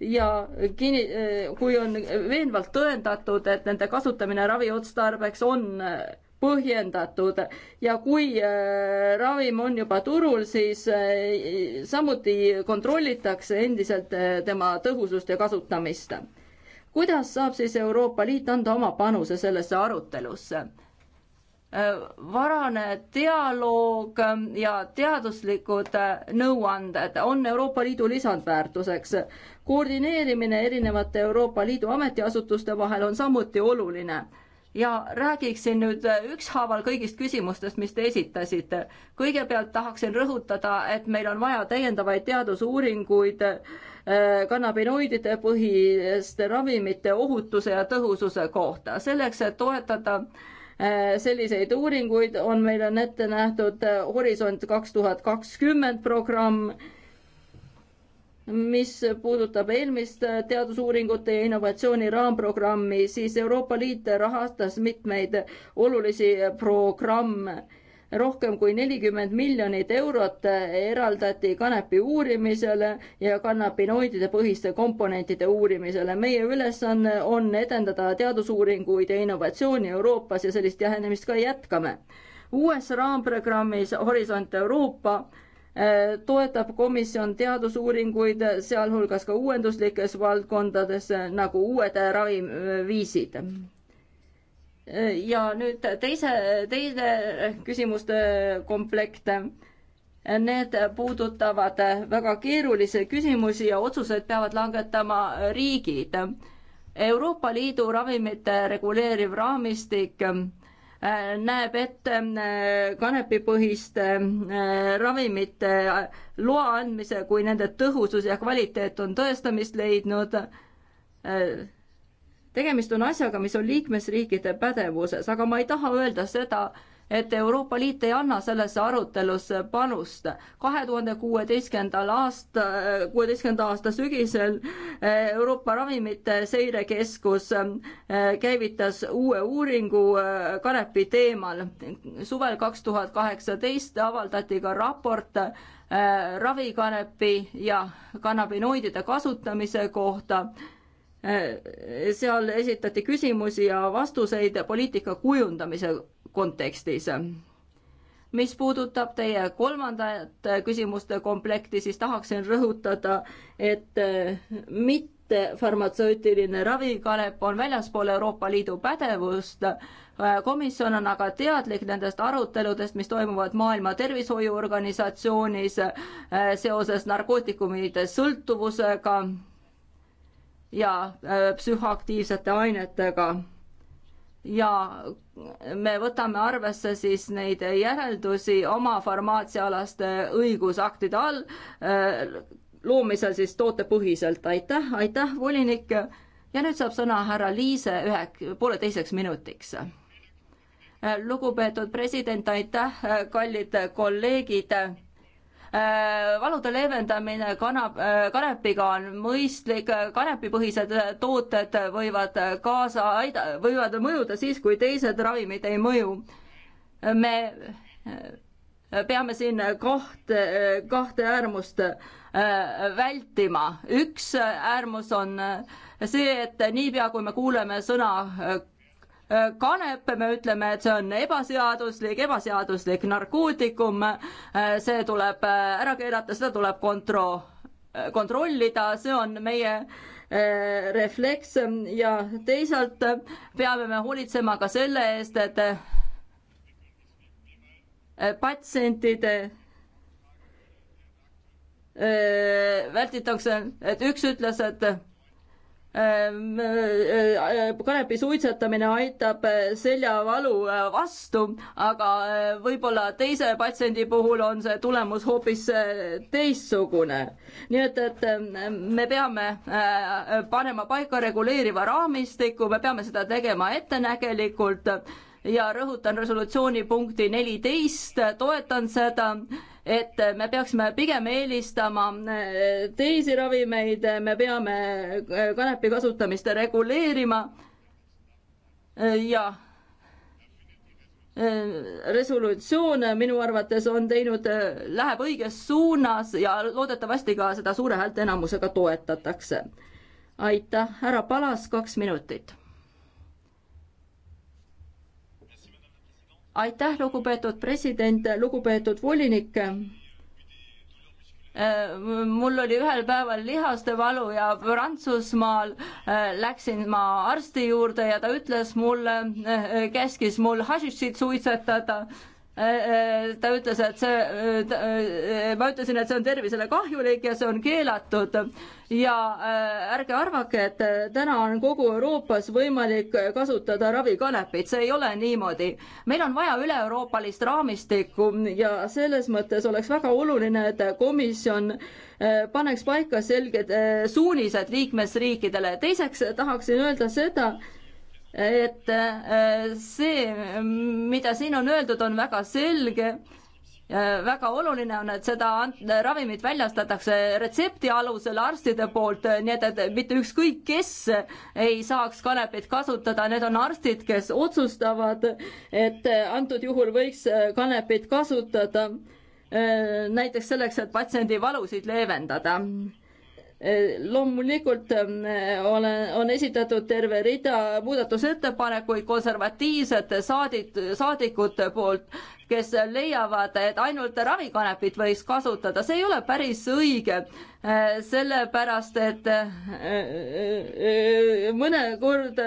ja kinni, kui on veenvalt tõendatud, et nende kasutamine raviotstarbeks on põhjendatud ja kui äh, ravim on juba turul, siis äh, samuti kontrollitakse endiselt äh, tema tõhusust ja kasutamist. kuidas saab siis Euroopa Liit anda oma panuse sellesse arutelusse? varane dialoog ja teaduslikud nõuanded on Euroopa Liidu lisandväärtuseks. koordineerimine erinevate Euroopa Liidu ametiasutuste vahel on samuti oluline ja räägiksin nüüd äh, ükshaaval kõigist küsimustest, mis te esitasite. kõigepealt tahaksin rõhutada, et meil on vaja täiendavaid teadusuuringuid äh, kannabinoidide põhiste ravimite ohutuse ja tõhususe kohta, selleks et toetada äh, selliseid uuringuid on meil on ette nähtud Horisont kaks tuhat kakskümmend programm mis puudutab eelmist teadusuuringute ja innovatsiooni raamprogrammi, siis Euroopa Liit rahastas mitmeid olulisi programme. rohkem kui nelikümmend miljonit eurot eraldati kanepi uurimisele ja kannabinoidide põhiste komponentide uurimisele. meie ülesanne on edendada teadusuuringuid ja innovatsiooni Euroopas ja sellist lähenemist ka jätkame. uues raamprogrammis Horisont Euroopa Äh, toetab komisjon teadusuuringuid, sealhulgas ka uuenduslikes valdkondades äh, nagu uued äh, ravimviisid. ja nüüd teise, teine küsimuste komplekt. Need puudutavad väga keerulisi küsimusi ja otsuseid peavad langetama riigid. Euroopa Liidu ravimite reguleeriv raamistik Äh, näeb ette äh, kanepipõhiste äh, ravimite loa andmise, kui nende tõhusus ja kvaliteet on tõestamist leidnud. tegemist on asjaga, mis on liikmesriikide pädevuses, aga ma ei taha öelda seda, et Euroopa Liit ei anna sellesse arutelusse panust. kahe tuhande kuueteistkümnendal aasta, kuueteistkümnenda aasta sügisel eh, Euroopa Ravimite Seirekeskus eh, käivitas uue uuringu eh, kanepi teemal. suvel kaks tuhat kaheksateist avaldati ka raport ravikanepi ja kannabinoidide kasutamise kohta seal esitati küsimusi ja vastuseid poliitika kujundamise kontekstis. mis puudutab teie kolmandat küsimuste komplekti, siis tahaksin rõhutada, et eh, mitte farmatsöötiline ravikalep on väljaspool Euroopa Liidu pädevust. Eh, komisjon on aga teadlik nendest aruteludest, mis toimuvad Maailma Tervishoiuorganisatsioonis eh, seoses narkootikumide sõltuvusega ja psühhoaktiivsete ainetega ja me võtame arvesse siis neid järeldusi oma farmaatsiaalaste õigusaktide all, äh, loomisel siis tootepõhiselt, aitäh, aitäh, volinik. ja nüüd saab sõna härra Liise ühe, pooleteiseks minutiks. Äh, lugupeetud president, aitäh, äh, kallid kolleegid Äh, valude leevendamine kanab, äh, kanepiga on mõistlik, äh, kanepipõhised tooted võivad kaasa aida-, võivad mõjuda siis, kui teised ravimid ei mõju. me peame siin kahte, kahte äärmust vältima. üks äärmus on see, et niipea, kui me kuuleme sõna kanep, me ütleme, et see on ebaseaduslik, ebaseaduslik narkootikum, see tuleb äh, ära keelata, seda tuleb kontro-, äh, kontrollida, see on meie äh, refleks ja teisalt peame me hoolitsema ka selle eest, et patsientide välditakse, et üks ütles, et Ehm, äh, kanepi suitsetamine aitab äh, seljavalu äh, vastu, aga võib-olla teise patsiendi puhul on see tulemus hoopis teistsugune. nii et, et ehm, me peame panema paika reguleeriva raamistiku, me peame seda tegema ettenägelikult ja rõhutan resolutsiooni punkti neliteist, toetan seda et me peaksime pigem eelistama äh, teisi ravimeid, äh, me peame äh, kanepi kasutamist reguleerima ja resolutsioon minu arvates on teinud, läheb õiges suunas ja loodetavasti ka seda suure häälteenamusega toetatakse. aitäh, härra Palas, kaks minutit aitäh, lugupeetud president, lugupeetud volinik äh, mul oli ühel päeval lihaste valu ja Prantsusmaal äh, läksin ma arsti juurde ja ta ütles mulle, äh, käskis mul hašišit suitsetada ta ütles, et see, ma ütlesin, et see on tervisele kahjulik ja see on keelatud ja äh, ärge arvake, et äh, täna on kogu Euroopas võimalik kasutada ravikanepit, see ei ole niimoodi. meil on vaja üle-euroopalist raamistikku ja selles mõttes oleks väga oluline, et komisjon äh, paneks paika selged suunised liikmesriikidele. teiseks tahaksin öelda seda, et äh, see, mida siin on öeldud, on väga selge väga oluline on, et seda ravimit väljastatakse retsepti alusel arstide poolt, nii et, et mitte ükskõik kes ei saaks kanepit kasutada, need on arstid, kes otsustavad, et äh, antud juhul võiks äh, kanepit kasutada näiteks selleks, et patsiendi valusid leevendada loomulikult ähm, olen, on esitatud terve rida muudatusettepanekuid konservatiivsete saadik-, saadikute poolt kes leiavad, et ainult ravikanepit võiks kasutada, see ei ole päris õige, eh, sellepärast et eh, eh, mõnikord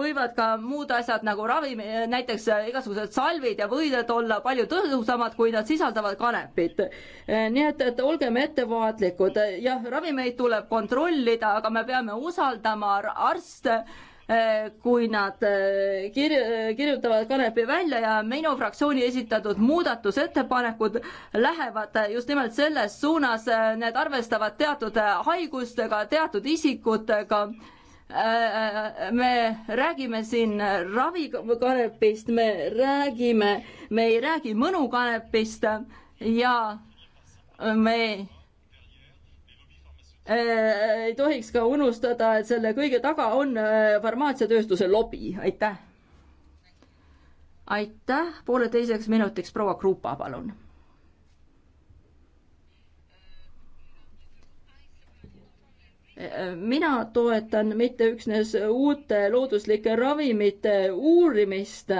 võivad ka muud asjad nagu ravim, näiteks igasugused salvid ja võided olla palju tõhusamad, kui nad sisaldavad kanepit. nii et, et olgem ettevaatlikud, jah, ravimeid tuleb kontrollida, aga me peame usaldama arste kui nad äh, kir-, äh, kirjutavad kanepi välja ja minu fraktsiooni esitatud muudatusettepanekud lähevad just nimelt selles suunas, äh, need arvestavad teatud haigustega, teatud isikutega me räägime siin ravikanepist, me räägime, me ei räägi mõnukanepist ja me Äh, ei tohiks ka unustada, et selle kõige taga on äh, farmaatsiatööstuse lobi, aitäh. aitäh, pooleteiseks minutiks proua Krupa, palun. Äh, mina toetan mitte üksnes uute looduslike ravimite uurimist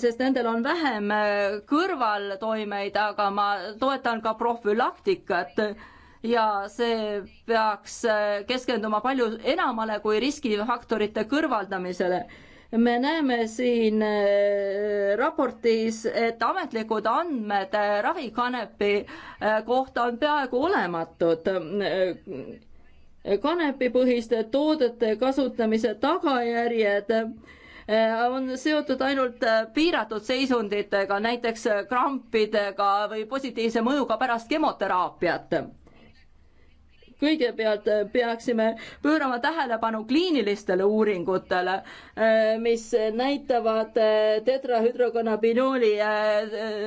sest nendel on vähem äh, kõrvaltoimeid, aga ma toetan ka profülaktikat ja see peaks äh, keskenduma palju enamale kui riskifaktorite kõrvaldamisele me näeme siin äh, raportis, et ametlikud andmed ravikanepi kohta on peaaegu olematud. kanepipõhiste toodete kasutamise tagajärjed Äh, on seotud ainult äh, piiratud seisunditega, näiteks äh, krampidega või positiivse mõjuga pärast kemoteraapiat kõigepealt peaksime pöörama tähelepanu kliinilistele uuringutele, mis näitavad tetrahüdrokonnabinooli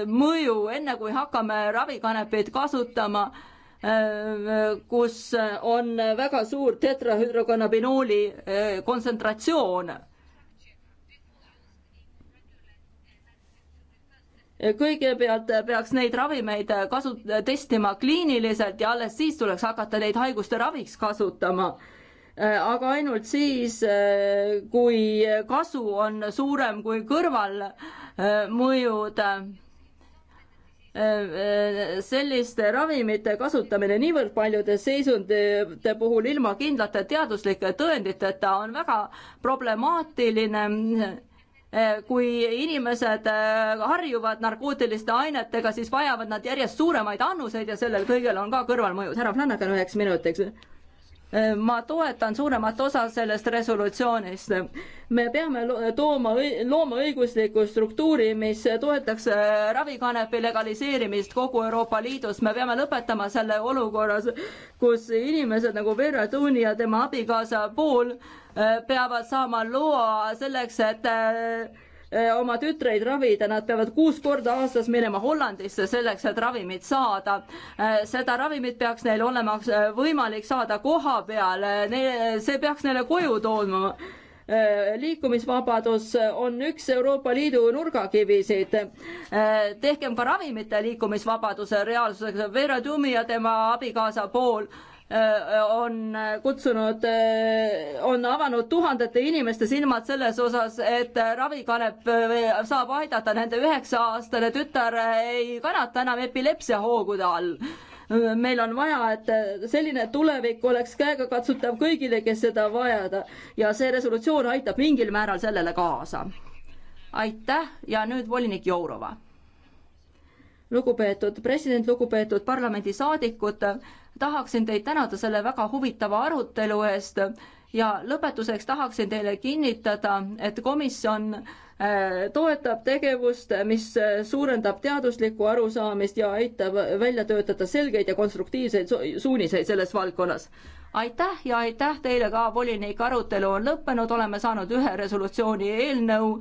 mõju, enne kui hakkame ravikanepeid kasutama, kus on väga suur tetrahüdrokonnabinooli kontsentratsioon kõigepealt peaks neid ravimeid kasu-, testima kliiniliselt ja alles siis tuleks hakata neid haiguste raviks kasutama. aga ainult siis, kui kasu on suurem kui kõrvalmõjud selliste ravimite kasutamine niivõrd paljude seisundite puhul ilma kindlate teaduslike tõenditeta on väga problemaatiline Eh, kui inimesed eh, harjuvad narkootiliste ainetega, siis vajavad nad järjest suuremaid annuseid ja sellel kõigel on ka kõrvalmõjud. härra Flanagan üheks minutiks Äh, ma toetan suuremat osa sellest resolutsioonist. me peame tooma, looma õigusliku struktuuri, mis toetaks äh, ravikanepi legaliseerimist kogu Euroopa Liidus. me peame lõpetama selle olukorras, kus inimesed nagu Vera Tuuni ja tema abikaasa pool äh, peavad saama loa selleks, et Eh, oma tütreid ravida, nad peavad kuus korda aastas minema Hollandisse selleks, et ravimit saada. Eh, seda ravimit peaks neil olema eh, võimalik saada koha peal, see peaks neile koju tooma liikumisvabadus on üks Euroopa Liidu nurgakivisid. tehkem ka ravimite liikumisvabaduse reaalsuseks. Vera Tumi ja tema abikaasa pool Äh, on kutsunud, äh, on avanud tuhandete inimeste silmad selles osas, et ravikanep äh, saab aidata nende üheksa-aastane tütar ei kannata enam epilepsiahoogude all. meil on vaja, et selline tulevik oleks käegakatsutav kõigile, kes seda vajada ja see resolutsioon aitab mingil määral sellele kaasa. aitäh ja nüüd volinik Jourova. lugupeetud president, lugupeetud parlamendisaadikud tahaksin teid tänada selle väga huvitava arutelu eest ja lõpetuseks tahaksin teile kinnitada, et komisjon äh, toetab tegevust, mis äh, suurendab teaduslikku arusaamist ja aitab välja töötada selgeid ja konstruktiivseid suuniseid selles valdkonnas. aitäh ja aitäh teile ka, volinik, arutelu on lõppenud, oleme saanud ühe resolutsiooni eelnõu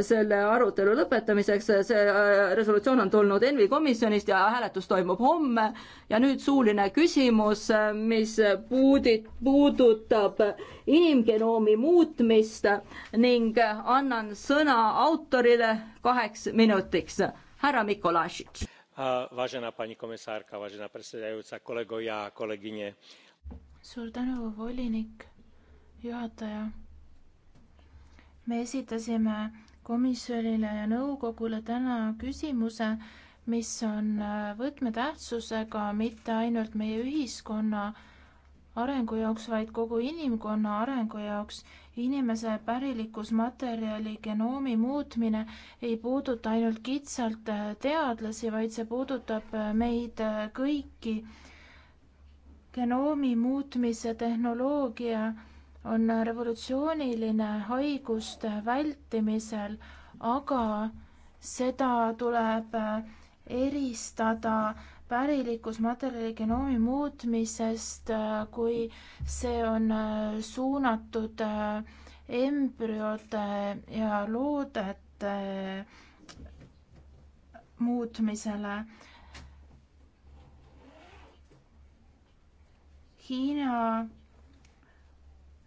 selle arutelu lõpetamiseks, see äh, resolutsioon on tulnud ENVI komisjonist ja hääletus toimub homme ja nüüd suuline küsimus, äh, mis puudit-, puudutab inimgenoomi muutmist ning äh, annan sõna autorile kaheks minutiks, härra Mikolašitš. Vážená pani komisárka, vážená predsedajúca, kolegovia a kolegyne. Suur tänu, volinik, juhataja. me esitasime komisjonile ja nõukogule täna küsimuse, mis on äh, võtmetähtsusega mitte ainult meie ühiskonna arengu jaoks, vaid kogu inimkonna arengu jaoks. inimese pärilikkusmaterjali genoomi muutmine ei puuduta ainult kitsalt äh, teadlasi, vaid see puudutab äh, meid kõiki. genoomi muutmise tehnoloogia on revolutsiooniline haiguste vältimisel, aga seda tuleb äh, eristada pärilikus materjali genoomi muutmisest, äh, kui see on äh, suunatud embrüode ja loodete muutmisele. Hiina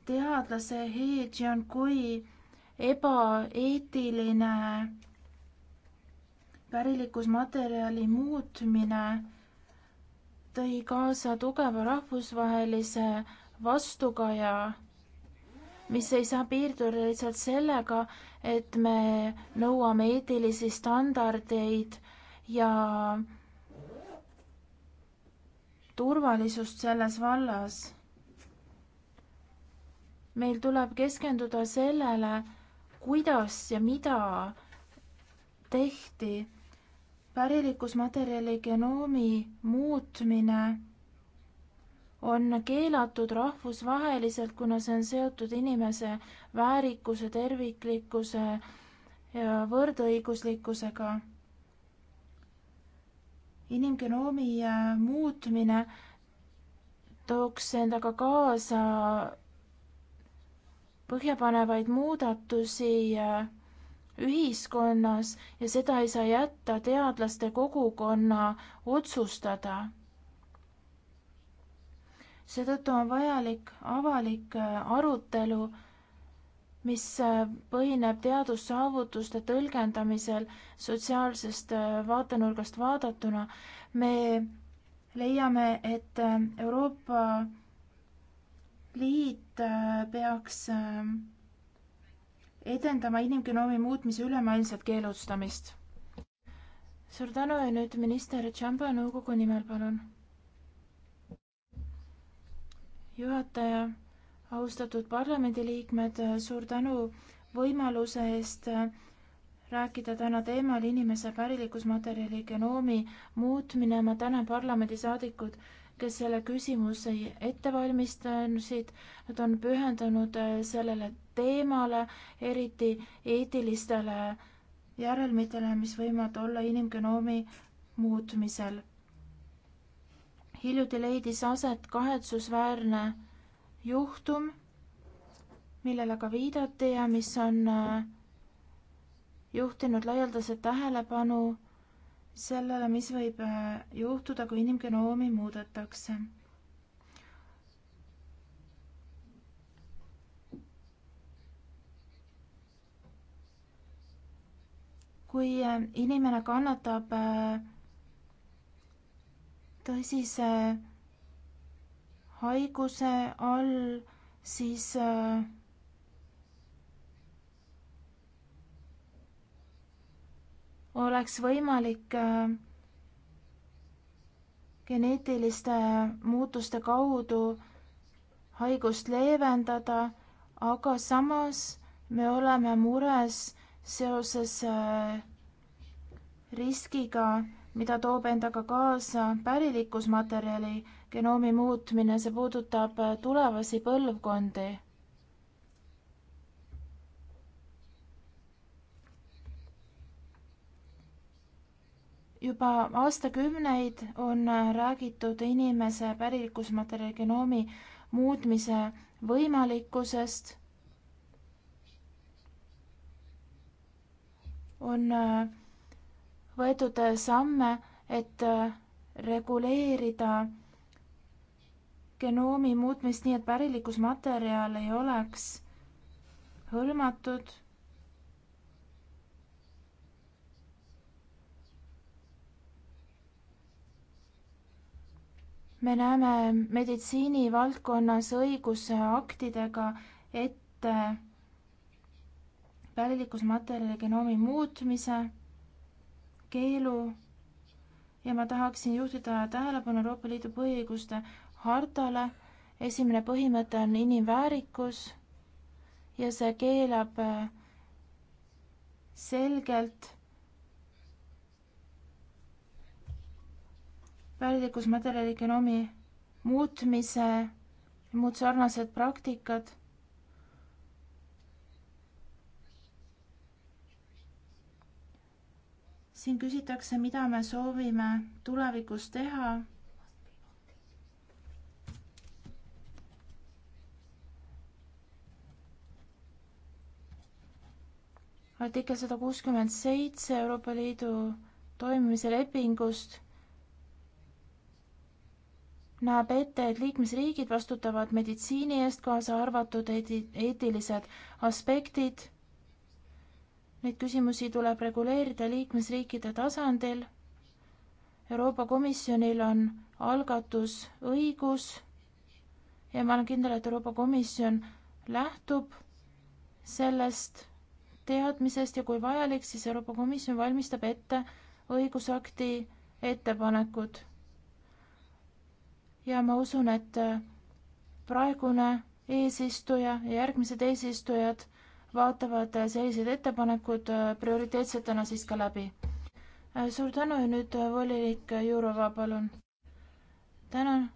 teadlase He Jiankui ebaeetiline pärilikkusmaterjali muutmine tõi kaasa tugeva rahvusvahelise vastukaja, mis ei saa piirduda lihtsalt sellega, et me nõuame eetilisi standardeid ja turvalisust selles vallas meil tuleb keskenduda sellele, kuidas ja mida tehti. pärilikkusmaterjali genoomi muutmine on keelatud rahvusvaheliselt, kuna see on seotud inimese väärikuse, terviklikkuse ja võrdõiguslikkusega. inimgenoomi äh, muutmine tooks endaga kaasa põhjapanevaid muudatusi äh, ühiskonnas ja seda ei saa jätta teadlaste kogukonna otsustada. seetõttu on vajalik avalik äh, arutelu, mis äh, põhineb teadussaavutuste tõlgendamisel sotsiaalsest vaatenurgast vaadatuna. me leiame, et Euroopa liit äh, peaks äh, edendama inimgenoomi muutmise ülemaailmset keelustamist. suur tänu ja nüüd minister Tšamba nõukogu nimel, palun. juhataja, austatud parlamendiliikmed, suur tänu võimaluse eest äh, rääkida täna teemal inimese pärilikkusmaterjali genoomi muutmine. ma tänan parlamendisaadikud kes selle küsimuse ette valmistasid, nad on pühendunud äh, sellele teemale, eriti eetilistele järelmitele, mis võivad olla inimgenoomi muutmisel. hiljuti leidis aset kahetsusväärne juhtum, millele ka viidati ja mis on äh, juhtinud laialdaselt tähelepanu sellele, mis võib äh, juhtuda, kui inimgenoomi muudetakse. kui äh, inimene kannatab äh, tõsise haiguse all, siis äh, oleks võimalik äh, geneetiliste äh, muutuste kaudu haigust leevendada, aga samas me oleme mures seoses äh, riskiga, mida toob endaga kaasa pärilikkusmaterjali genoomi muutmine, see puudutab tulevasi põlvkondi juba aastakümneid on äh, räägitud inimese pärilikkusmaterjali genoomi muutmise võimalikkusest. on äh, võetud äh, samme, et reguleerida genoomi muutmist nii, et pärilikkusmaterjal ei oleks hõlmatud me näeme meditsiinivaldkonnas õigusaktidega ette pärilikkusmaterjali äh, genoomi muutmise keelu ja ma tahaksin juhtida tähelepanu Euroopa Liidu põhiõiguste hartale. esimene põhimõte on inimväärikus ja see keelab äh, selgelt väärilikus materjaligenomi muutmise ja muud sarnased praktikad. siin küsitakse, mida me soovime tulevikus teha. artikkel sada kuuskümmend seitse Euroopa Liidu toimimise lepingust näeb ette, et liikmesriigid vastutavad meditsiini eest, kaasa arvatud eetilised aspektid. Neid küsimusi tuleb reguleerida liikmesriikide tasandil. Euroopa Komisjonil on algatusõigus ja ma olen kindel, et Euroopa Komisjon lähtub sellest teadmisest ja kui vajalik, siis Euroopa Komisjon valmistab ette õigusakti ettepanekud ja ma usun, et äh, praegune eesistuja ja järgmised eesistujad vaatavad äh, sellised ettepanekud äh, prioriteetsetena siis ka läbi. suur tänu ja nüüd volinik Jurova, palun. tänan.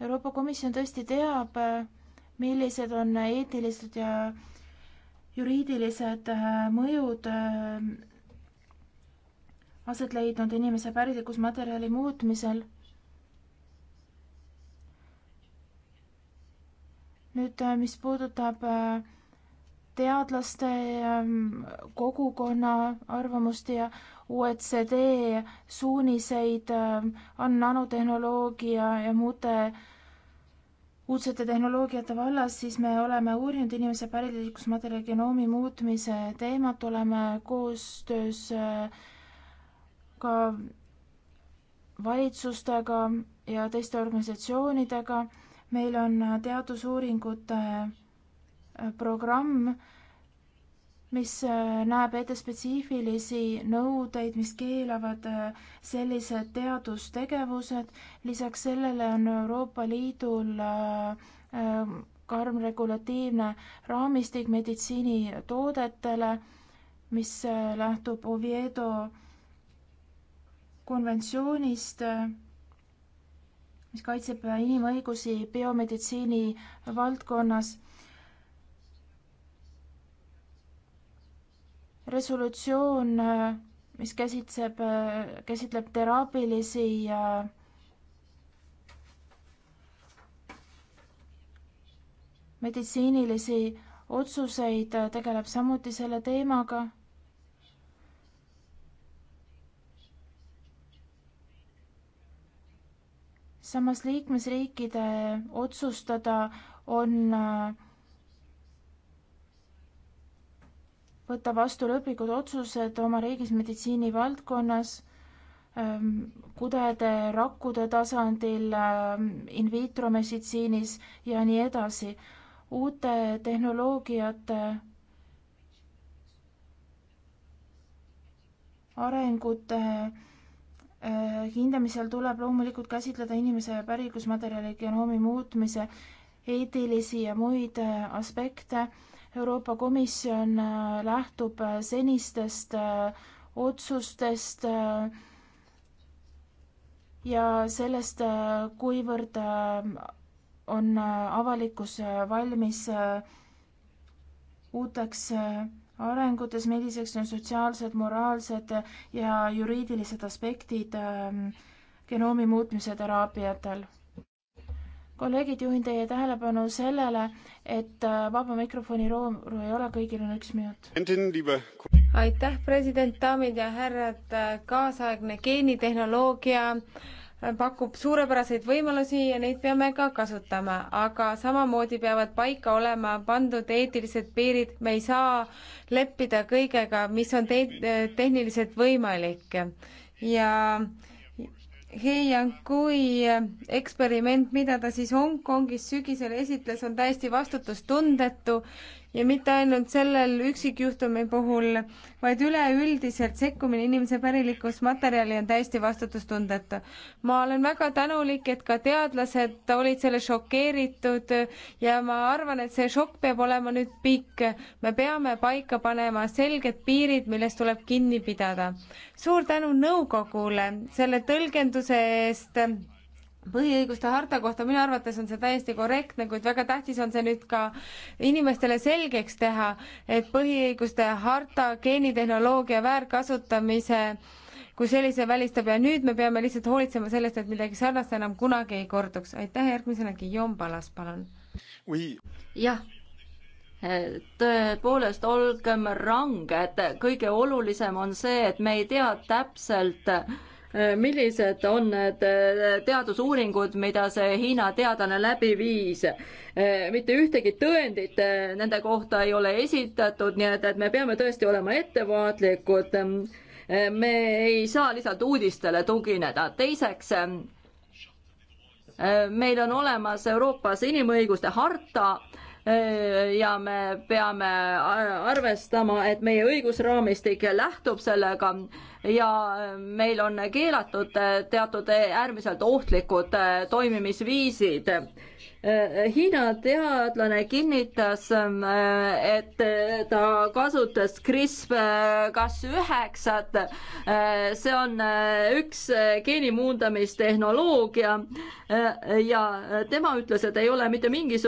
Euroopa Komisjon tõesti teab, millised on eetilised ja juriidilised mõjud aset leidnud inimese päritlikusmaterjali muutmisel nüüd, äh, mis puudutab äh, teadlaste ähm, kogukonna arvamust ja OECD suuniseid ähm, on nanotehnoloogia ja muude uudsete tehnoloogiate vallas, siis me oleme uurinud inimese pärilikuks materjali genoomi muutmise teemat, oleme koostöös äh, ka valitsustega ja teiste organisatsioonidega meil on teadusuuringute äh, programm, mis äh, näeb ette spetsiifilisi nõudeid, mis keelavad äh, sellised teadustegevused. lisaks sellele on Euroopa Liidul karm regulatiivne raamistik meditsiinitoodetele, mis lähtub Oviedo konventsioonist mis kaitseb inimõigusi biomeditsiini valdkonnas. resolutsioon, mis käsitseb, käsitleb teraapilisi meditsiinilisi otsuseid, tegeleb samuti selle teemaga samas liikmesriikide otsustada on äh, võtta vastu lõplikud otsused oma riigis meditsiinivaldkonnas, ähm, kudede, rakkude tasandil, ähm, in vitro meditsiinis ja nii edasi. uute tehnoloogiate arengute Äh, hindamisel tuleb loomulikult käsitleda inimese pärikusmaterjali genoomi muutmise eetilisi ja muid äh, aspekte. Euroopa Komisjon äh, lähtub senistest otsustest ja sellest, kuivõrd on avalikkus valmis uuteks arengutes, milliseks on sotsiaalsed, moraalsed ja juriidilised aspektid ähm, genoomi muutmise teraapiatel. kolleegid, juhin teie tähelepanu sellele, et äh, vaba mikrofoni rooru ei ole, kõigil on üks minut. aitäh, president, daamid ja härrad, äh, kaasaegne geenitehnoloogia äh, pakub suurepäraseid võimalusi ja neid peame ka kasutama, aga samamoodi peavad paika olema pandud eetilised piirid, me ei saa leppida kõigega, mis on te-, tehniliselt võimalik. ja Heiankui eksperiment, mida ta siis Hongkongis sügisel esitles, on täiesti vastutustundetu ja mitte ainult sellel üksikjuhtumi puhul, vaid üleüldiselt sekkumine inimese pärilikkusmaterjali on täiesti vastutustundetu. ma olen väga tänulik, et ka teadlased olid selle šokeeritud ja ma arvan, et see šokk peab olema nüüd pikk. me peame paika panema selged piirid, millest tuleb kinni pidada. suur tänu nõukogule selle tõlgenduse eest põhiõiguste harta kohta minu arvates on see täiesti korrektne, kuid väga tähtis on see nüüd ka inimestele selgeks teha, et põhiõiguste harta geenitehnoloogia väärkasutamise kui sellise välistab ja nüüd me peame lihtsalt hoolitsema sellest, et midagi sarnast enam kunagi ei korduks. aitäh, järgmisena Guillaume Palas, palun. jah tõepoolest, olgem ranged, kõige olulisem on see, et me ei tea täpselt äh,, Äh, millised on need äh, teadusuuringud, mida see Hiina teadlane läbi viis. Äh, mitte ühtegi tõendit nende kohta ei ole esitatud, nii et, et me peame tõesti olema ettevaatlikud. me ei saa lihtsalt uudistele tugineda. teiseks, meil on olemas Euroopas inimõiguste harta Äh, ja me peame arvestama, et meie õigusraamistik lähtub sellega ja äh, meil on keelatud äh, teatud äärmiselt ohtlikud toimimisviisid. Hiina teadlane kinnitas, et ta kasutas CRISPR-Cas üheksat, see on üks geenimuundamistehnoloogia ja tema ütles, et ei ole mitte mingisugust